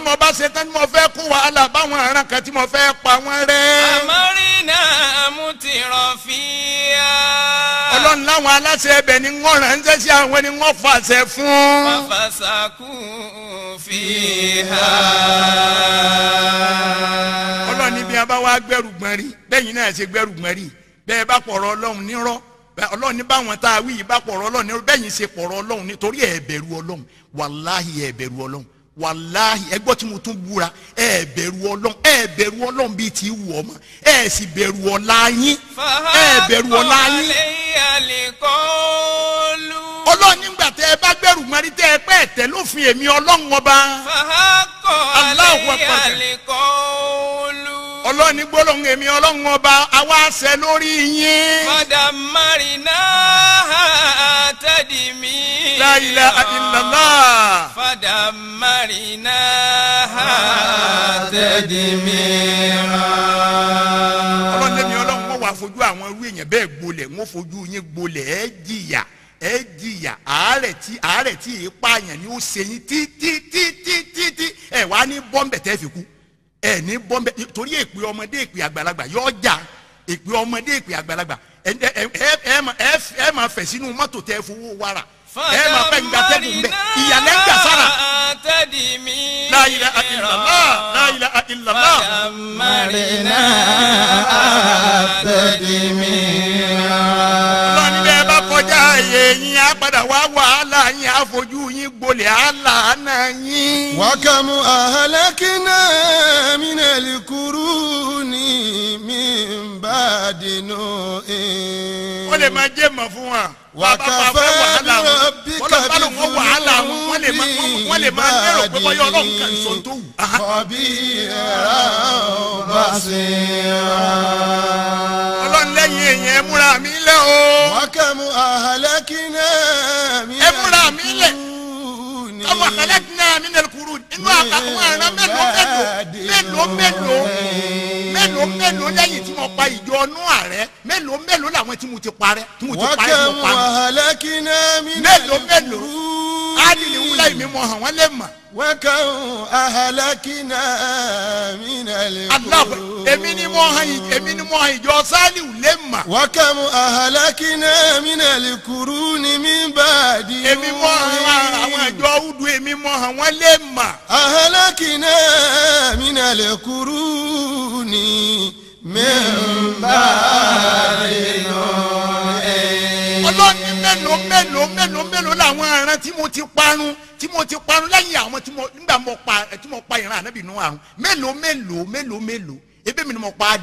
mo bá ṣe tán mo fẹ́ kún wàhálà báwọn aràn kan tí mo fẹ́ pa wọ́n rẹ́. àmọ́rìnà àmútirọ̀ fìyà ọlọ́run láwọn aláṣẹ ẹbẹ̀ ni wọ́n ránṣẹ́ sí àwọn ni wọ́n fàṣẹ fún. fàfàṣàkù fi hà. ọlọ́run níbi abá wa gbẹ́rù gbọ́n rí bẹ́yìn náà ṣe gbẹ́rù gbọ́n rí bẹ́ẹ̀ bá pọ̀rọ̀ ọlọ́run nírọ́ ọlọ́run ní báwọn tá a wí yìí bá pọ̀rọ̀ ọlọ́run nírọ́ bẹ́yìn ṣe pọ̀rọ̀ ọlọ́run nítorí ẹ ọlọ́run wàláhì ẹ ọlọ́run wàláhì ẹ gbọ́ tí mo tún búra ẹ bẹ̀rù ọlọ́run ẹ bẹ̀rù ọlọ́run bíi ti wù ọmọ ẹ sì bẹ̀rù ọ̀la yín ẹ bẹ̀rù ọ̀la yín. ọlọ́run nígbà tẹ ẹ bá gbẹ̀rù mọ́rí tẹ ẹ pẹ́ tẹ lófin èmi ọlọ́run ọba. aláwọ̀ pàtàkì ọlọ́run ní gbólóhùn èmi ọlọ́run ọba àwa àṣẹ lórí yín. padà márìnà tẹ́dí mi. la ilaha illallah. padà Marina, tẹ́dí mi. ọlọ́run ọlọ́run wọ́n wà fojú àwọn irú èèyàn bẹ́ẹ̀ gbolẹ̀ wọ́n fojú yín gbolẹ̀ ẹ́ jìyà ẹ́ jìyà àárẹ̀ tí àárẹ̀ tí èèyàn pààyàn ni ó ṣe yín títí títí títí ẹ̀ wá ní bọ́m̀bẹ̀ tẹ́ fi kú ẹ ní bọ́m̀bẹ́ torí èpè ọmọdé èpè àgbàlagbà yọ ọjà èpè ọmọdé èpè àgbàlagbà ẹ máa fẹ̀ sínú mọ́tò tẹ fowó wàrà ẹ máa fẹ́ gba tẹ́gùn bẹ́ẹ̀ ìyàlẹ́ gbà sára. la ilaha illallah la ilaha àtẹ̀dìmí. lọ́nà bá kọjá èyí á padà wá wàhálà yà yín àfojú yín gbolẹ̀ àlànà yín. wákàmù ahlakina minal kuruni min ba'di nuh kó lè máa jẹ́ mọ̀ fún wa. wàkàfẹ́ wàhálà wọn lọ bá lòun wàhálà wọn lè máa wọn lè máa lérò pé wọ́n yọ ọlọ́run kan sọ tó wù. kọ̀bí ọba sí ra. ọlọ́run lẹ́yìn èèyàn ẹ múra mi lẹ́ o. wákàmù àhàlẹ́ kí náà mi. ẹ múra mi lẹ̀. ọmọ àhàlẹ́ kí náà mi nà kúrú inú àkàkùn àrùn mélòó mélòó mélòó mélòó mélòó mélòó lẹ́yìn tí mo pa ìjọ ọnú ààrẹ mélòó mélòó làwọn tí mo ti parẹ́ tí mo ti parẹ́ mo pa mélòó mélòó ádìní wúlẹ̀ mi mọ̀ hàn wọ́n lè mọ̀. wákàtí ahalakina minale kúrò. aláàbò èmi ni mo hàn èmi ni mo hàn ìjọ sálíù lè mọ̀. wákàtí ahalakina minale kúrò ni mi bá di. èmi mo hàn àwọn ìjọ udu èmi mo hàn wọ́n lè mọ̀. ahalakina minale kúrò ni ọlọ́ni mélòó mélòó mélòó mélòó làwọn ẹran tí mo ti parun tí mo ti parun lẹ́yìn àwọn tí mo nígbà mo pa tí mo pa ìran ànábì nù àrùn mélòó mélòó mélòó mélòó ebí mi ni mo pa á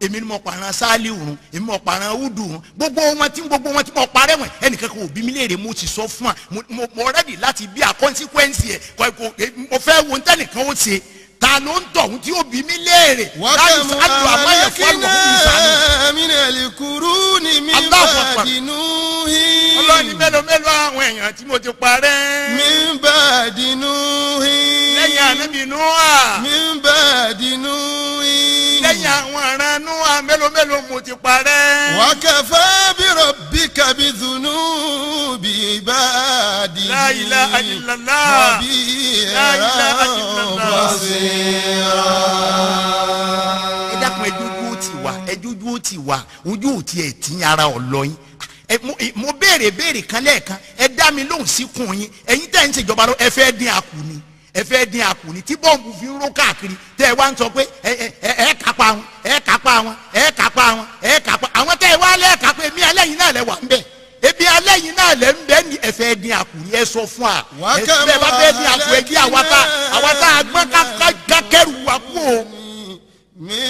èmi ni mo pa ran sáálì òrùn èmi mo pa ran údù òrùn gbogbo wọn tí gbogbo wọn tí mo pa rẹ̀wọ̀n ẹnìkan kò bí mi léèrè mo sì sọ fún wa mo mo ready láti bí a consequence yẹ kò mo fẹ́ wo ntẹ́nìkan ó ṣe ta ló ń tọ̀hún tí ó bí mi léèrè láyé sáájú àbáyẹ fọlọ ìsàlẹ̀. aláfọ̀pọ̀ ọlọ́ni mélòó mélòó àwọn èèyàn tí mo ti parẹ́. mi bá dínú hin. lẹ́yìn ànábì Nóà. mi bá dínú hin. lẹ́yìn àwọn ará Nóà mélòó mo ti parẹ́. wákàfẹ́ bí rọ̀bì kàbí dùnú bí bá la ilaha illallah la ilaha illallah. ẹ dákun ẹjújú ó ti wà ẹjújú ó ti wà ojú ò tiẹ̀ tí ara ọ̀lọ́yìn mo béèrè béèrè kan lẹ́ẹ̀kan ẹ dá mi lóhùn sí kùn yín ẹ̀yin tẹ́ ń ṣèjọba lọ ẹ fẹ́ dín àkù ni ẹ fẹ́ dín àkù ni tí bọ́ǹbù fi ń ró káàkiri tẹ́ ẹ wá ń sọ pé ẹ kápá wọn ẹ kápá wọn ẹ kápá wọn ẹ kápá àwọn tẹ́ ẹ wá lẹ́ẹ̀kápá èmi ẹlẹ́yin náà lẹ wà ń bẹ̀ ebi alẹ́ yìí náà lẹ́ ń bẹ́ ní ẹ̀fẹ́ dín àkù ẹ sọ fún wa ẹ̀fẹ́ bá fẹ́ dín àkù ẹ̀ kí àwa ta ká ká kẹ́rù wa kú o. mi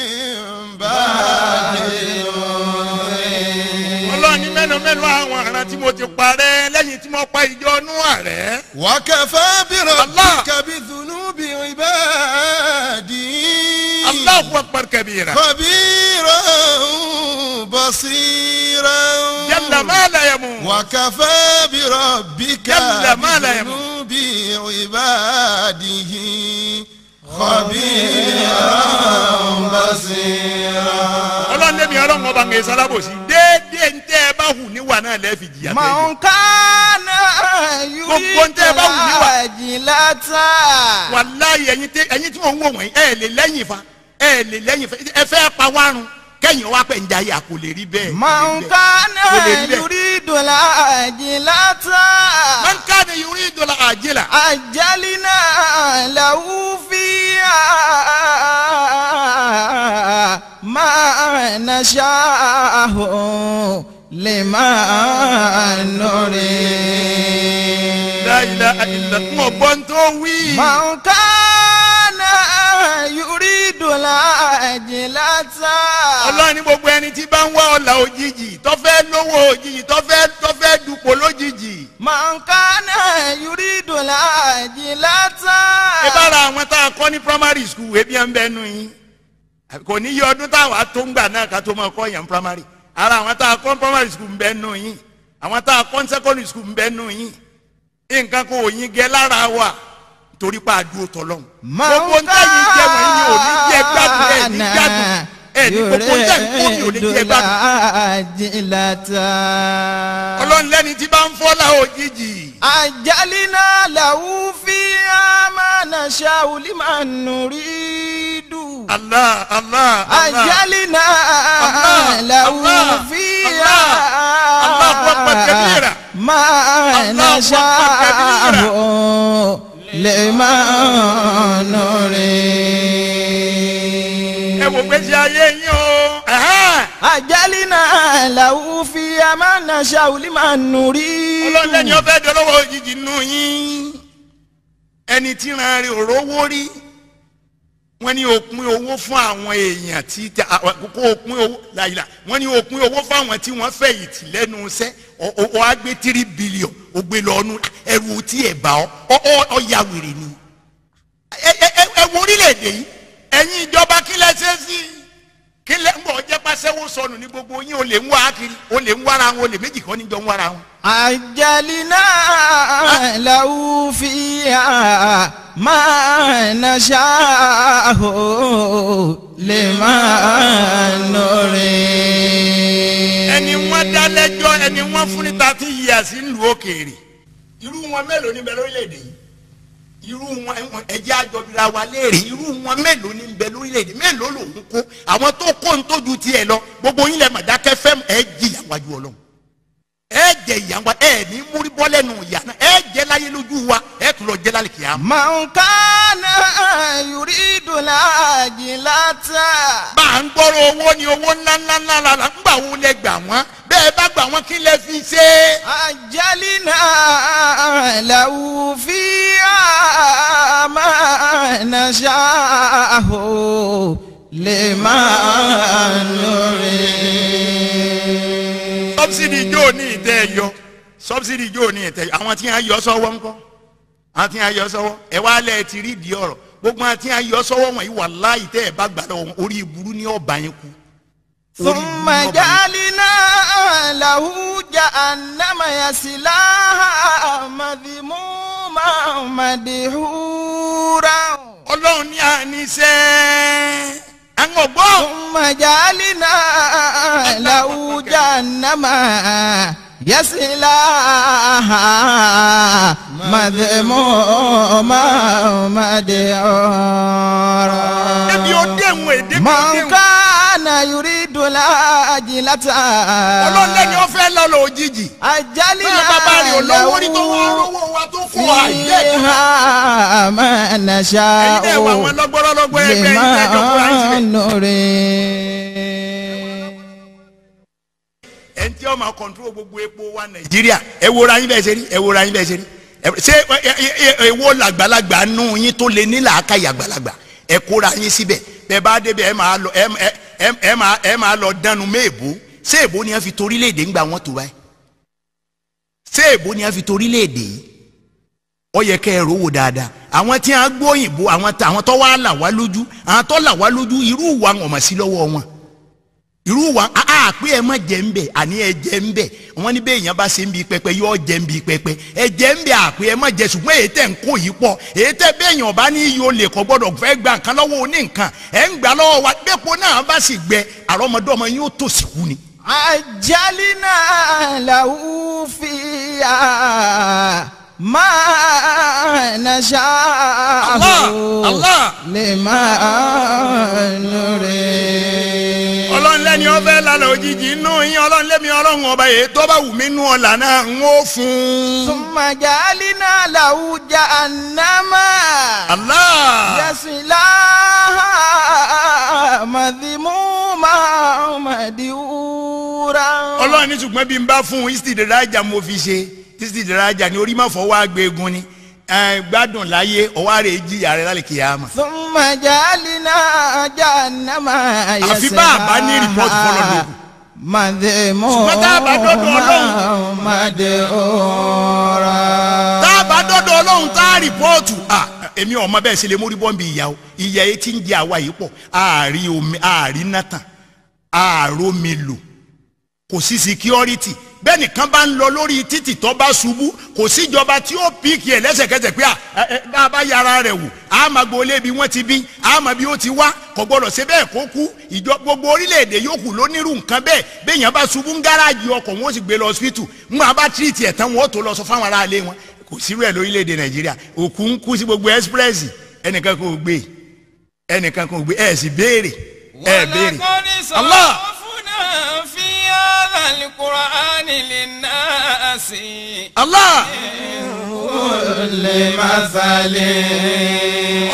mẹ́nu mẹ́nu àwọn ará tí mo ti parẹ́ lẹ́yìn tí mo pa ìjọ núwà rẹ̀. wákẹ́fẹ́ bírọ̀ kíkẹ́ bí dùnú bí ibà dín. Allahu akbar kabira. kabira basira. jalla ma la yamu. wa kafa bi rabbika. jalla ma la yamu. bi ibadihi. kabira basira. ọlọ́run lẹ́mi ọlọ́run ọba ń gẹ̀ sálábòsí déédéé ń tẹ́ ẹ bá hù níwà náà lẹ́ẹ̀ fi jìyà tẹ́lẹ̀. mọ̀ ń ká náà yúrí ìlà àjìlá ta. wàláyé ẹ̀yin fa ẹ lè lẹ́yìn ẹ fẹ́ pa wárun kẹ́yìn wá pẹ̀ ń jayé a kò lè rí bẹ́ẹ̀. mọ̀nkánà yuri dọ̀là àjìlá tà. mọ̀nkánà yuri dọ̀là àjìlá. àjálínà làwùfíà máa nà ṣáàhùn lè máa nọ̀rẹ́. láyìlá àjìlá ń tó wí. mọ̀nkánà. ọlọ́run ní gbogbo ẹni tí bá ń wá ọ̀la òjijì tó lówó òjijì tó fẹ́ tó fẹ́ dupò lójijì. mọ̀nkánà yúrí dùnlá àjìlá tán. ẹ bá ra àwọn tá a kọ́ ní primary school ebi ẹ̀ ń bẹ́ nu yín kò ní yí ọdún táwa tó ń gbà náà ká tó máa kọ́ yẹn primary ara àwọn tá a kọ́ primary school ń bẹ́ nu yín àwọn tá a kọ́ secondary school ń bẹ́ nu yín nǹkan kò yín gẹ́ lára wa torí pa àdúró tọ́lọ́hún. gbogbo ń tẹ̀yìn ní jẹ́ gbádùn ẹ̀ ní ẹ gbogbo ń kó mi ò lè jẹ gbádùn. ọlọ́run lẹ́ni tí bá ń fọ́ làwọn òjijì. àjálínà làwọn fi àmàna ṣàwùlí máa nù rí dùn. Allah Allah Allah. àjálínà làwọn fi àmàna ṣàwùlí máa nù rí dùn. àjálínà làwọn fi amáná ṣàwùlí máa nù rí. ọlọ́dẹni ọbẹ̀ dọ́lọ́wọ́ òjijì nù yín ẹni tí ran rẹ̀ òrówó rí wọ́n ní òpin owó fún àwọn èèyàn tí kó òpin owó làyìlà wọ́n ní òpin owó fún àwọn tí wọ́n fẹ̀yìntì lẹ́nu iṣẹ́ ọ̀ á gbé tírí bílíọ̀n ó gbé lọ ọ́nú ẹrù tí ẹ̀ bá ọ ọ ya wèrè ni ẹ wo orílẹ̀-èdè yìí ẹ̀yin ìjọba kí lẹ ṣe sí i kílẹ̀ ń bọ̀ jẹ́ pàṣẹwó sọnù ní gbogbo yín o lè ń wá kiri o lè ń wára wọn o lè méjì kan níjọ ń wára wọn. àjálínà làwù fi hà máa na ṣáàhó lè máa nọrẹ. ẹni wọ́n dá ẹni wọ́n fún ní thirty years ń lu òkèèrè irú wọn mélòó níbẹ̀ lórílẹ̀‐èdè yìí irú wọn ẹjẹ́ àjọbíra wa léèrè irú wọn mélòó ní bẹ lórílẹ̀‐èdè mélòó lòún kó àwọn tó kó ń tójú tiẹ̀ lọ gbogbo yín lẹ mọ̀dákẹ́ fẹ́ ẹ jìyà wájú ọlọ́run ẹ jẹ ìyà ẹ ní múrí bọ́ lẹ́nu ìyà láyé lójú wa ẹ tún lọ jẹ lálẹ́ kìá. mọ̀nkánà yuridula jìlátà. bá a ń gbọ́rọ̀ owó ni owó ńlá ńlá ńlá la la ń gbà wọn lẹ gbà wọn bẹ́ẹ̀ bá gbà wọn kí lẹ fi ṣe. àjálì náà làwù fi àmà nàṣà hó lè máa lórí. ọ́fíìsì ni ijó ní ìtẹ́ subsidy yóò ní ìtẹ́jú àwọn tí wọ́n yọ sọ́wọ́ ńkọ́ àwọn tí wọ́n yọ sọ́wọ́ ẹ̀ wá lẹ́ẹ̀ ti rí ìdí ọ̀rọ̀ gbogbo àwọn tí wọ́n yọ sọ́wọ́ wọ̀nyí wà láì tẹ́ ẹ̀ bá gbà lọ́wọ́ orí ìburú ní ọ̀bà yẹn kú. summa ja'alna lahu jahannama yasilaha madhmuma madhura. ọlọ́run ní àníṣe àwọn ọgbọ́n. summa ja'alna lahu jahannama. يسلاها مذموما مدعورا من كان يريد العاجلة ọlọ́run lẹ́yìn ọ̀fẹ́ lọ́lọ́ òjijì. àjálì náà lọ́wọ́ ìhà máa nà ṣá o lè máa nù rè ẹni tí wọ́n máa kọ̀ǹtúrò gbogbo epo wa nàìjíríà ẹ wo ra yín bẹ́ẹ̀ ṣe rí ẹ wo ra yín bẹ́ẹ̀ ṣe rí ṣé èwo làgbàlagbà nù yín tó lè ní làákàyè àgbàlagbà ẹ kóra yín síbẹ̀ bẹ́ẹ̀ bá débẹ̀ ẹ máa lọ ẹ máa ẹ máa lọ dánu méèbó ṣé èbó ni wọ́n fi torílẹ̀ ń gba wọn tó báyìí ṣé èbó ni wọ́n fi torílẹ̀ yìí ó yẹ kẹ́ ẹ rówó dáadáa àwọn tí wọ́n gbóyìnbó àwọn tó wá là lójú àwọn tó là lójú irú ìwà wọn mà sí lọ́wọ́ wọn irú wa a pé ẹ má jẹ ń bẹ àní ẹ jẹ ń bẹ wọn ní yẹn bá ṣe ń bi pẹpẹ yọ jẹ ń bi pẹpẹ ẹ jẹ ń bẹ àpé ẹ má jẹ ṣùgbọ́n èyí tẹ̀ ń kó yìí èyí yẹn ọba ní iye olè gba nǹkan oní nǹkan ń wa bẹ́ẹ̀kọ́ náà bá sì gbẹ àrọ́mọdé ọmọ yóò tó sì kú ni. làwù fi máa bẹ́ẹ̀ ni ó òjijì inú yín ọlọ́run lémi ọlọ́run ọba yìí tó bá wù mí nú ọ̀là náà ń ó fún un. sùmàjà alina làwùjá ànámà. àlá. yasila màdìmú màdìwúra. ọlọ́run ní ṣùgbọ́n bí n bá fún un ajá mo fi ṣe ìsìtìdìrẹ́ ajá ni orí má fọwọ́ àgbẹ̀gùn ni gbádùn láyé ọwọ́ rẹ̀ jìyà rẹ̀ lálẹ́ kìyàmá. summa ja'alna jahannama yasla. àfi bá a bá ní rìpọ́tù fọlọ́ lóko. màdé mọ́ ṣùgbọ́n tá a bá dọ́dọ̀ ọlọ́run. màdé ọ̀rọ̀. tá a bá dọ́dọ̀ ọlọ́run tá a rìpọ́tù. èmi ọmọ bẹ́ẹ̀ ṣe lè mórí bọ́ǹbì ìyá o ìyá yẹn ti ń jẹ àwa yìí pọ̀ ààrí omi ààrí nàtàn ààrómi lò kò sí security bẹ́ẹ̀ni kan bá ń lọ lórí títì tó bá ṣubú kò síjọba tí ó píìkì ẹ̀ lẹ́sẹ̀kẹsẹ̀ pé bá a bá yára rẹ̀ wò a máa gbolé bí wọ́n ti bí a máa bí ó ti wá kò gbọ́dọ̀ ṣe bẹ́ẹ̀ kó kú ìjọ gbogbo orílẹ̀-èdè yòókù lónírú nǹkan bẹ́ẹ̀ béèyàn bá ṣubú ń gáràjì ọkọ̀ wọn ó sì gbé lọ hospital ń bá a bá tírìtì ẹ̀ tán wọn ó tó lọ sọ fáwọn aráalé Allah القرآن للناس الله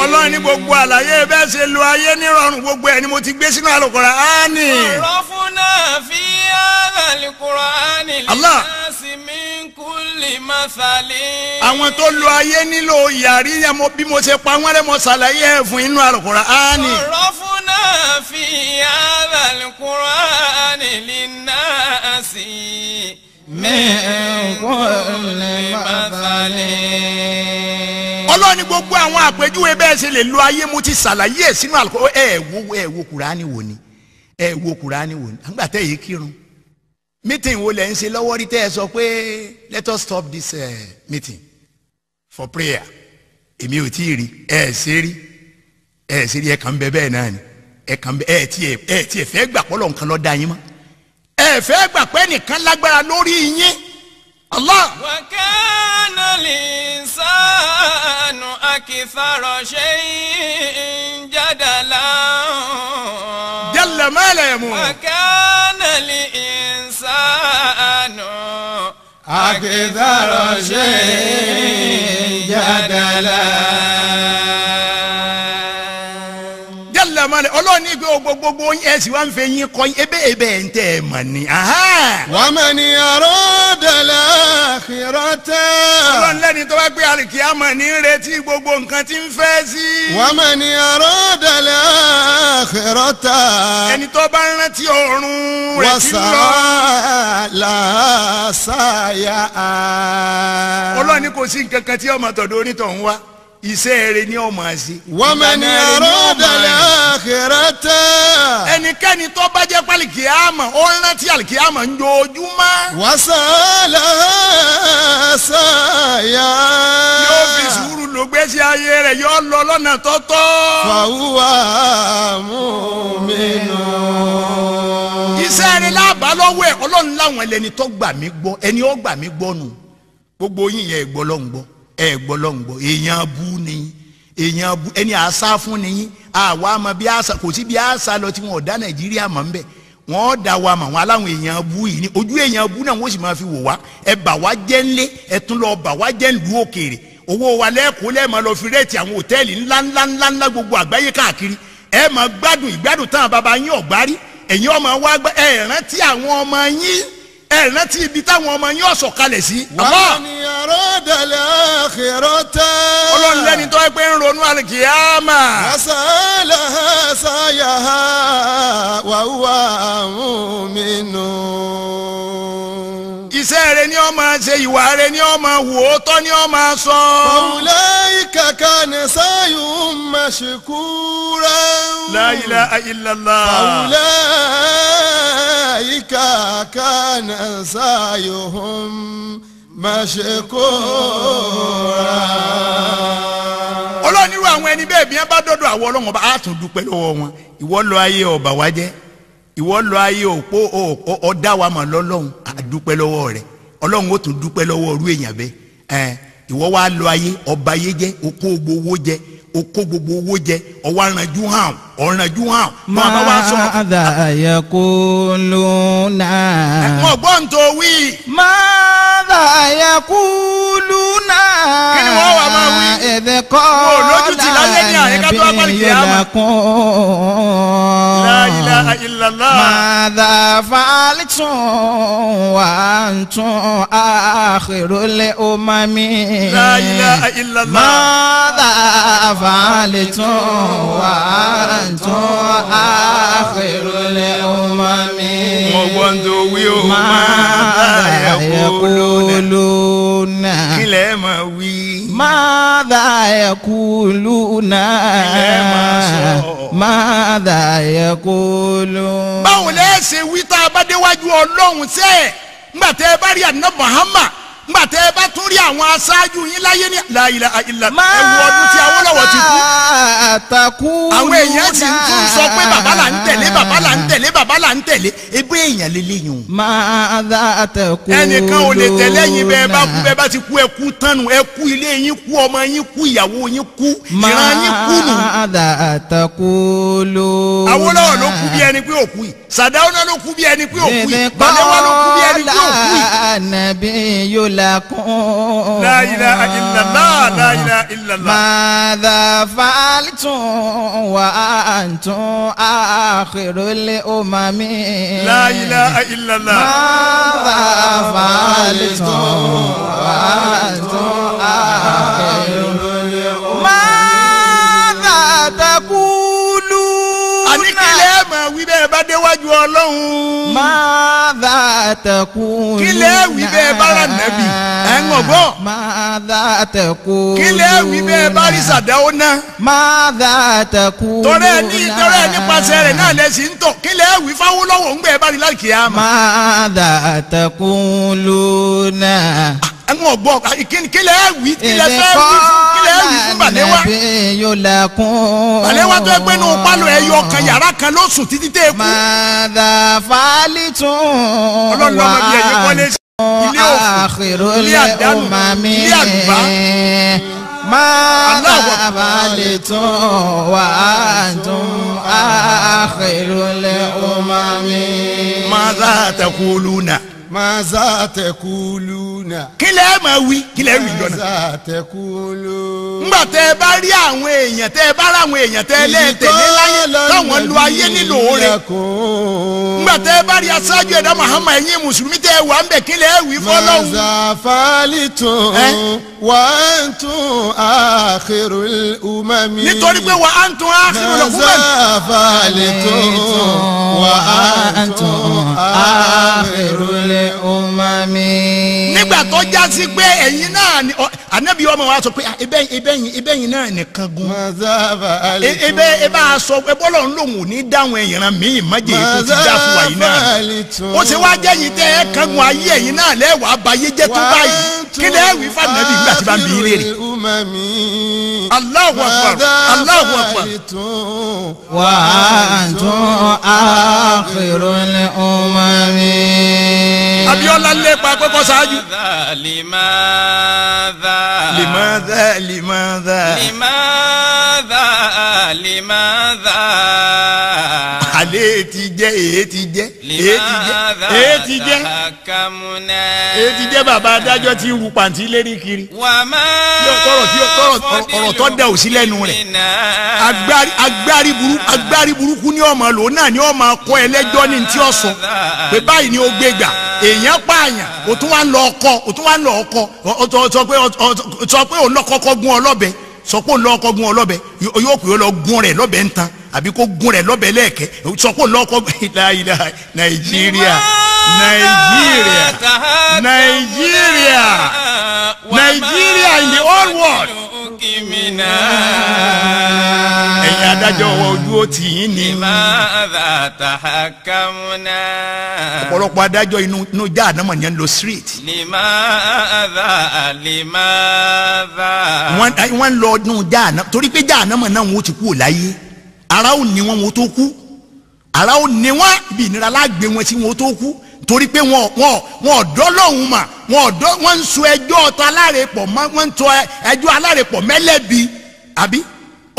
ọlọ́run ní gbogbo àlàyé bẹ́ẹ̀ ṣe lo ayé nírọ̀rùn gbogbo ẹ̀ ni mo ti gbé sínú Al-Qur'ani. ọ̀rọ̀fúnà fi Al-Qur'ani linnasi min kulli mathalin. àwọn tó lo ayé nílò yàrí yẹn bí mo ṣe pa wọ́n rẹ́ mo ṣàlàyé ẹ̀ fún inú Al-Qur'ani. ọ̀rọ̀fúnà. جعلنا في هذا القرآن للناس من كل مثل ọlọ́ni gbogbo àwọn àpèjúwe bẹ́ẹ̀ ṣe lè lo ayé mo ti ṣàlàyé ẹ̀ sínú àlùkò ẹ̀ wo ẹ̀ wo kùránì wò ni ẹ̀ wo kùránì wò ni àgbà tẹ̀ yìí kírun meeting wo lẹ̀ ń ṣe lọ́wọ́ rí tẹ́ ẹ sọ pé let us stop this uh, meeting for prayer èmi ò tí ì rí ẹ̀ ṣe rí ẹ̀ ṣe rí ẹ̀ kàn ń bẹ bẹ́ẹ̀ náà ni ẹ kàn bẹ ẹ tiẹ̀ ẹ tiẹ̀ fẹ́ gbà pọlọ nǹkan ló dá yín mọ̀ ẹ fẹ́ gbà pé nìkan lágbára lórí yín Allah. wa kana linsanu akthara shay'in jadala. jalla ma la yamun. wa kana linsanu akthara shay'in jadala mọ̀ ní ọlọ́ọ̀ni pé gbogbogbò ẹ̀ sì wá ń fẹ́ yín kọ́ ebe ebe ẹ̀ ń tẹ́ ẹ mọ̀ ni. wàá mọ̀ ní àròdàlẹ̀ àkìrọ̀tẹ̀. ọlọ́run lẹ́ni tó bá gbé àlìkíyàmọ̀ ní retí gbogbo nǹkan tí ń fẹ́ sí. wàá mọ̀ ní àròdàlẹ̀ àkìrọ̀tẹ̀. ẹni tó bá rántí ọ̀run rẹ̀ lọ. wàsá làásàyà. ọlọ́run kò iṣẹ́ rẹ ni ọmọ àṣì. wọ́n mẹ́ ní àròdàlẹ̀ àkẹrẹ tẹ́. ẹnikẹ́ni tó bá jẹ́ pálí kìámà ó ń rántí àlìkìámà ń jojúmọ́. wàsálà sàyà. yóò fi sùúrù ló gbèsè ayé rẹ̀ yóò lọ lọ́nà tọ́tọ́. fàwùwà mùmínú. iṣẹ́ rẹ lábàá lọ́wọ́ ẹ̀ ọlọ́run láwọn ẹlẹ́ni tó gbà mí gbọ́ ẹni ó gbà mí gbọ́ nù gbogbo yín yẹn ìgbọ́ lọ́hùn gbọ́ ẹ gbọ́ lọ́n gbọ́ èèyàn abú ni èèyàn abú ẹni àṣà fún ni àwa ọmọ bí àṣà kò sí bí àṣà lọ tí wọn ò dá nàìjíríà mọ̀ nbẹ wọn da wa mọ̀ wọn aláwọn èèyàn abú yìí ni ojú èèyàn abú náà wọn sì máa fi wò wá ẹ bà wá jẹ́ ńlé ẹ tún lọ bà wá jẹ́ ńlú òkèèrè owó wa lẹ́ẹ̀kọ́ lẹ́ẹ̀ máa lọ fi rẹ́ẹ̀tì àwọn òtẹ́ẹ̀lì ńláńláńláńlá gbogbo àgbáyé káàkiri ẹ máa gbádùn ìgbádùn táwọn baba yín ọ̀gbárí ẹ̀yin ọmọ wa ẹ rántí àwọn ọmọ yín ẹ rántí ibi táwọn ọmọ yín ọ̀sọ̀ kalẹ̀ sí. wàá ní arad al-akhirata. ọlọ́run lẹ́ni tó ẹ pé ń ronú alikiyama. asala sayaha wa huwa mu'minun. iṣẹ́ rẹ ni ó máa ṣe ìwà rẹ ni ó máa wò ó tọ́ ni ó máa sọ. ulaika kana sayuhum mashkura. la ilaha illallah. ulaika kana sayuhum. màṣekóra. olóòníru àwọn ẹni bẹ́ẹ̀ bí wọ́n bá dọ́dọ̀ àwọn ọlọ́run ọba á tún dúpẹ́ lọ́wọ́ wọn ìwọ lọ ayé ọba wa jẹ́ ìwọ lọ ayé òpó ọ̀dá wa mà lọ́lọ́run lọ́wọ́ rẹ ọlọ́run ó tún dúpẹ́ lọ́wọ́ èèyàn wa lọ ayé ọba ayé jẹ́ okó jẹ́ okó gbogbo owó jẹ ọwọ́ aranjú hàn ọranjú hàn. máa dà yẹ kó ماذا يقول náà. ẹ̀bẹ̀ kọ́ ọ lójútì láyé la ilaha illallah. màdà fàálítùn wà ń tún àkèrólẹ̀ omami. màdà fàálítùn wà ń tún àkèrólẹ̀ omami. mo gbọ́n lónà ilẹ̀ máa wí. mada yakuluna mada yakuluna. báwo lẹ ṣe wí tá a bá déwájú ọlọ́run sẹ́ẹ̀ ńgbà tẹ́ ẹ bá rí àná Muhammad ngbà tẹ́ ẹ bá tún rí àwọn aṣáájú yín láyé ní láyìlá àìlá ẹ̀wù ọdún tí Awólọ́wọ̀ ti kú. àwọn èèyàn sì ń tún sọ pé bàbá là ń tẹ̀lé bàbá là ń tẹ̀lé bàbá là ń tẹ̀lé ebí èèyàn lélẹ́yìn o. máa dá àtẹ̀kù lónà. ẹnìkan ò lè tẹ̀lé yín bẹ́ẹ̀ bá kú bẹ́ẹ̀ bá ti kú ẹ kú tánu ẹ kú ilé yín kú ọmọ yín kú ìyàwó yín kú ìran yín kú nù. máa dá àtẹ̀kù lónà. Awólọ́wọ̀ ló kú bí ẹni pé òkú yìí sàdáwọ́nà ló kú bí ẹni pé òkú yìí bàdéwà ló kú bí ẹni pé òkú yìí. nàbí yóò la kún. la ilaha illallah la màdà fàlítùn wà tún àkèrèlé òmàmí. la ilaha illallah. màdà fàlítùn wà tún àkèrèlé òmàmí. màdà takú bẹ́ẹ̀ bá déwájú ọlọ́run. máa bá àtẹ̀kù náà. wí bẹ́ẹ̀ bá rà nẹ́bì ẹ̀ ń gbọ́. máa bá àtẹ̀kù náà. wí bẹ́ẹ̀ bá rí sàdáwó náà. máa bá àtẹ̀kù náà. ní tọ́rẹ́ nípasẹ̀ rẹ̀ náà lẹ sì ń tọ̀ kí wí fáwọn lọ́wọ́ ń gbẹ̀ẹ́ bá rí láìkíyàmá. máa bá àtẹ̀kù àwọn ọgbọ́n kíni kílẹ̀ ẹ̀ wí kílẹ̀ fẹ́ wí fún kílẹ̀ ẹ̀ wí fún bàlẹ́wà. bàlẹ́wà tó ẹ pé nù pálọ̀ ẹ yọ ọkàn yàrá kan ló sùn títí tẹ́ ẹ kú. màdà fàálì tún wà àkèrò lẹ òmàmì màdà fàálì tún wà tún àkèrò lẹ òmàmì. màdà tẹkulù náà maza tẹkuluna. kílẹ̀ ẹ̀ máa wí kílẹ̀ wí lọ́nà. maza tẹkuluna. ngbà tẹ ẹ bá rí àwọn èèyàn tẹ ẹ bá rí àwọn èèyàn tẹ ẹ lẹ́ẹ̀tẹ̀lé láyé táwọn lu ayé nílò oore. ngbà tẹ bá rí aṣáájú ẹ̀dá Muhammad ẹ̀yin mùsùlùmí tẹ wà ń bẹ̀ kílẹ̀ wí fọlọ́. maza falitun wa antum akhirul umami. nítorí pé wa antum akhirul umami. maza falitun wa antum akhirul umami. أممي nígbà tó já sí pé ẹ̀yin náà ni ànábì ọmọ wa sọ pé ah, ibẹ̀ ibẹ̀yin ibẹ̀yin náà nìkan gun ibẹ̀ ibẹ̀ a sọ pé bọ́lọ̀ ń lòun ò ní dáhùn ẹ̀yìnrán míì májè tó ti já fún wa yìí náà ó sì wá jẹ́ yìí tẹ́ ẹ kángun ayé ẹ̀yin náà lẹ́wọ̀ abayé jẹ́ tó báyìí kí lẹ́ wí fànàbí nígbà tí bá ń bí ilé rẹ̀. Allahu akbar Allahu akbar. wà á tún àkìrò ní ọmọ mi. Abiola lépa pẹ́kọ́ sáájú. لماذا لماذا لماذا لماذا لماذا lè ti jẹ́ èé ti jẹ́ èé ti jẹ́ èé ti jẹ́ èé ti jẹ́ bàbá adájọ́ ti ń wu pàǹtí lérí kiri ọ̀rọ̀ tó dẹ̀ ò sí lẹ́nu rẹ̀ agbárí burúkú ni ọmọ lò náà ni ọmọ kọ́ ẹlẹ́jọ́ ní ti ọ̀sán pé báyìí ni ó gbé gbà èèyàn pààyàn o tún wá ń lọ ọkọ o tún wá ń lọ ọkọ sọ pé òun lọ kọ́kọ́ gún ọ lọ́bẹ sọ pé òun lọ ọkọ gún ọ lọ́bẹ yóò pè é lọ gún rẹ̀ lọ́bẹ ń tan àbí kó gún rẹ̀ lọ́bẹ̀ lẹ́ẹ̀kẹ́ sọ pé lọ́kọ́ ìlàìlà nàìjíríà nàìjíríà nàìjíríà nàìjíríà in the whole world. ẹ̀yin adájọ́ ọwọ́ ojú ó tì í ni. ọ̀pọ̀lọpọ̀ adájọ́ inú já àdámọ̀ yẹn lọ street. wọ́n lọ nù já àdámọ̀ torí pé já àdámọ̀ náà wọ́n ti kú ò láyé ara ò ní wọn wọn tó kú ara ò ní wọn ibi ìnira lágbè wọn tí wọn tó kú torí pé wọn wọn wọn ọdọ lọhùnún mà wọn ọdọ wọn ń so ẹjọ́ ọ̀tá alárèpọ̀ wọn ń tọ ẹjọ́ alárèpọ̀ mẹ́lẹ́bi àbí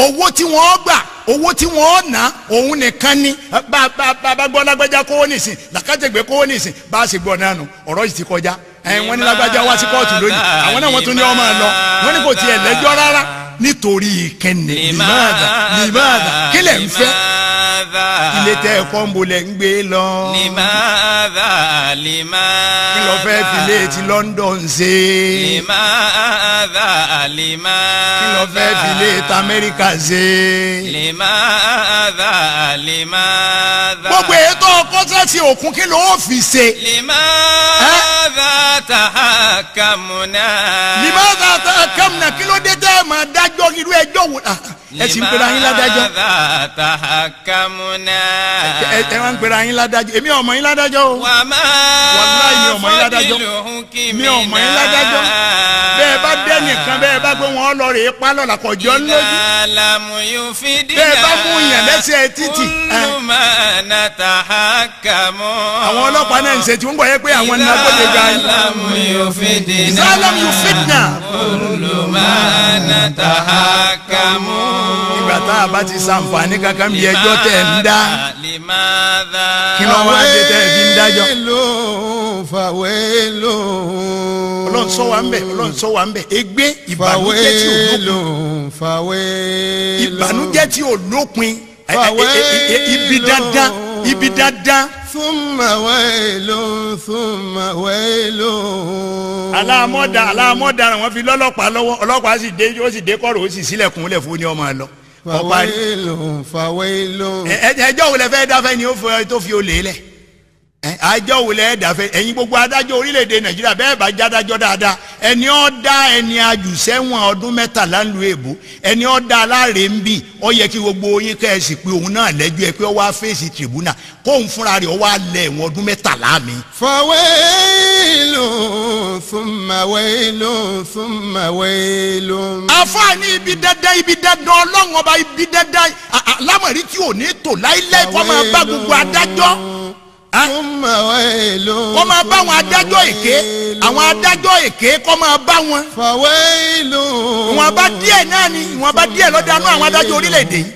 owó tí wọn gbà owó tí wọn ná òun nìkan ni bá bá bá bá gbọ́ lágbájá kówó nìsín làkàtẹ̀gbẹ́ kówó nìsín bá a sì gbọ́ náà nù ọ̀rọ̀ yìí ti kọjá ẹ̀ wọ́n ní lágbájá wá sí kóòtù lónìí àwọn náà wọ́n tún ní ọmọ ẹ̀ lọ wọ́n ní kò tiẹ̀ lẹ́jọ́ rárá nítorí ìkẹnẹ lèmọ́dà lèmọ́dà kílẹ̀ ń fẹ́ ilé tẹ ẹ̀kọ́ ń bolẹ̀ ń gbé lọ. lèmọ́dà lèmọ́dà kí lọ fẹ́ filé ti London ṣe. lèmọ́dà lèmọ́dà kí lọ fẹ́ filé ti Amẹ́ríkà ṣe. lèmọ́dà lèmọ́dà gbogbo ètò kọ́sẹ́sì òkun kí ló fi ṣe. lèmọ́dà tàhákàmùnà. lèmọ́dà tàhákàmùnà kí ló dé tẹ́ ẹ̀ máa adájọ́ irú ẹjọ́ wò ah, ah, ẹ sì ń pera yín ládájọ́. lèmọ́dà tà kàmúnà. ẹ ẹ wá ń pera yín ládájọ́ èmi ọmọ yín ládájọ́ o. wà má fọ́dílù kìmínà. mi ọmọ yín ládájọ́ bẹ́ẹ̀ bá dẹ́nìkan bẹ́ẹ̀ bá gbé wọn lọ rèé pa lọ́la kò jọ lójú. ìlàlámù yóò fi dínà. bẹ́ẹ̀ bá mú yàn lẹ́sẹ̀ títì. olùmọ̀nà tà kàmú. àwọn ọlọ́pàá náà ń ṣe tí wọ́n gbọ́ yẹ pé àwọn nàgbọ́dẹ̀ ga. ìlàlámù yóò fi dínà. ìlàlámù yóò fi dínà. olùmọ̀nà tà tahakamu. nígbà tá a bá ti ṣàǹfààní kankan bí ẹjọ́ tẹ̀ ń dá kí ló wá dé tẹ̀ fi ń dájọ́. ọlọ́run sọ wa ń bẹ̀ ọlọ́run sọ wa ń bẹ̀ ègbé ìbànújẹ́ tí ò ìbànújẹ́ tí ò Eh, eh, eh, ibi dáadáa ibi dáadáa. súnmà wẹ́ẹ̀lò súnmà wẹ́ẹ̀lò. aláàmọ́dà aláàmọ́dà wọn fi lọ́lọ́pàá lọ́wọ́ ọlọ́pàá sì dé ó sì dé kọ́rọ̀ ó sì sílẹ̀kùn lẹ̀ fún ni ọmọ ẹ lọ. fàwẹ́ẹ̀lò fàwẹ́ẹ̀lò. ẹjọ́ wo lẹ fẹ́ dáfẹ́ ni ó tó fi olè lẹ̀ àjọ òwúlẹ̀ ẹ̀dá fẹ́ ẹ̀yin gbogbo adájọ́ orílẹ̀-èdè nàìjíríà bẹ́ẹ̀ bá jádájọ́ dáadáa ẹni ọ́ dá ẹni ajù sẹ́wọ̀n ọdún mẹ́tàlá ń lu èbó ẹni ọ́ dá aláre ń bì ọ́ yẹ kí gbogbo yín kẹ́ ẹ sì pé òun náà lẹ́jọ́ ẹ pé ó wá fèsì tìrìbùnà kóun fúnra rẹ̀ ó wá lẹ̀ ẹ̀wọ̀n ọdún mẹ́tàlá mi. fawilun thumma wailun thumma wailun. àfààní ibi dandan ibi dandan ọlọ́run ọba ibi dandan alámọ̀rí tí ò ní tò láíláí kọ́ kọ́ máa bá àwọn adájọ́ èké àwọn adájọ́ èké kọ́ máa bá wọn. fàwẹ́lò. ìwọ̀n bá díẹ̀ náà ni ìwọ̀n bá díẹ̀ lọ́dọ̀ àwọn adájọ́ orílẹ̀-èdè yìí.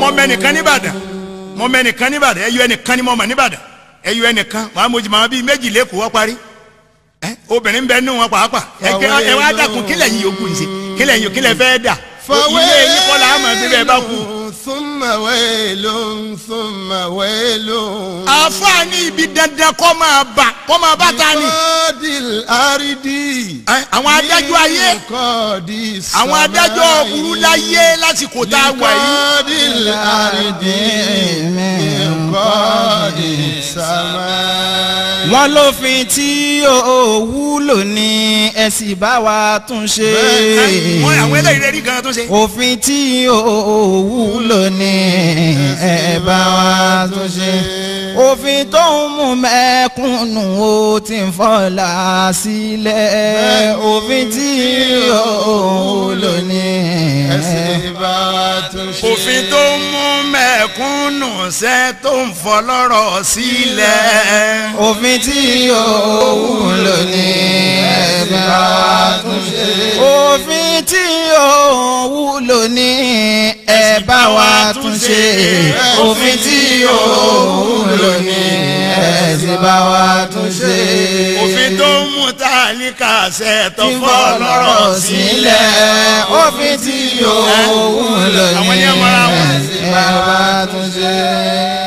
mo mẹ́nìkan nìbàdàn mo mẹ́nìkan nìbàdàn ẹnìkan ni mo ẹnìkan wàá mojì màmá bíi méjì lẹ́kọ̀ọ́ wọ́n parí obìnrin nù wọn ẹ wá dàkún kílẹ̀ yìí yòókù ń kílẹ̀ yìí kílẹ̀ súnmọ̀ wẹ́ẹ̀lú súnmọ̀ wẹ́ẹ̀lú. àfààní ibi dandan kọ́ máa bà kọ́ máa bá ta ni. bíkọ́dìl àrídì. àwọn adájọ́ ayé bíkọ́dì sàmà àwọn adájọ́ òkúrú láyé lásìkò tá a wà yìí. bíkọ́dìl àrídì bíkọ́dì sàmà. wọ́n lófin tí ó wúlò ní ẹ sì bá wa tún ṣe. bẹ́ẹ̀ lónìí ẹ bá wa tún ṣe. òfin tó ń mú mẹ́kúnnù ó ti ń fọ́lá sílẹ̀ òfin tí yóò lónìí ẹ bá wa tún ṣe. òfin tó ń mú mẹ́kúnnù ṣẹ́ tó ń fọlọ́rọ̀ sílẹ̀. òfin tí yóò lónìí ẹ bá wa tún ṣe. òfin tí yóò wúlò ní ẹ wa túnṣe òfin tí òun lò ní ẹ̀sìn bá wa túnṣe. òfin tó ń mú tálíkà ṣẹ̀tọ́ fọ́ lọ́rọ̀ sílẹ̀ òfin tí òun lò ní ẹ̀sìn bá wa túnṣe.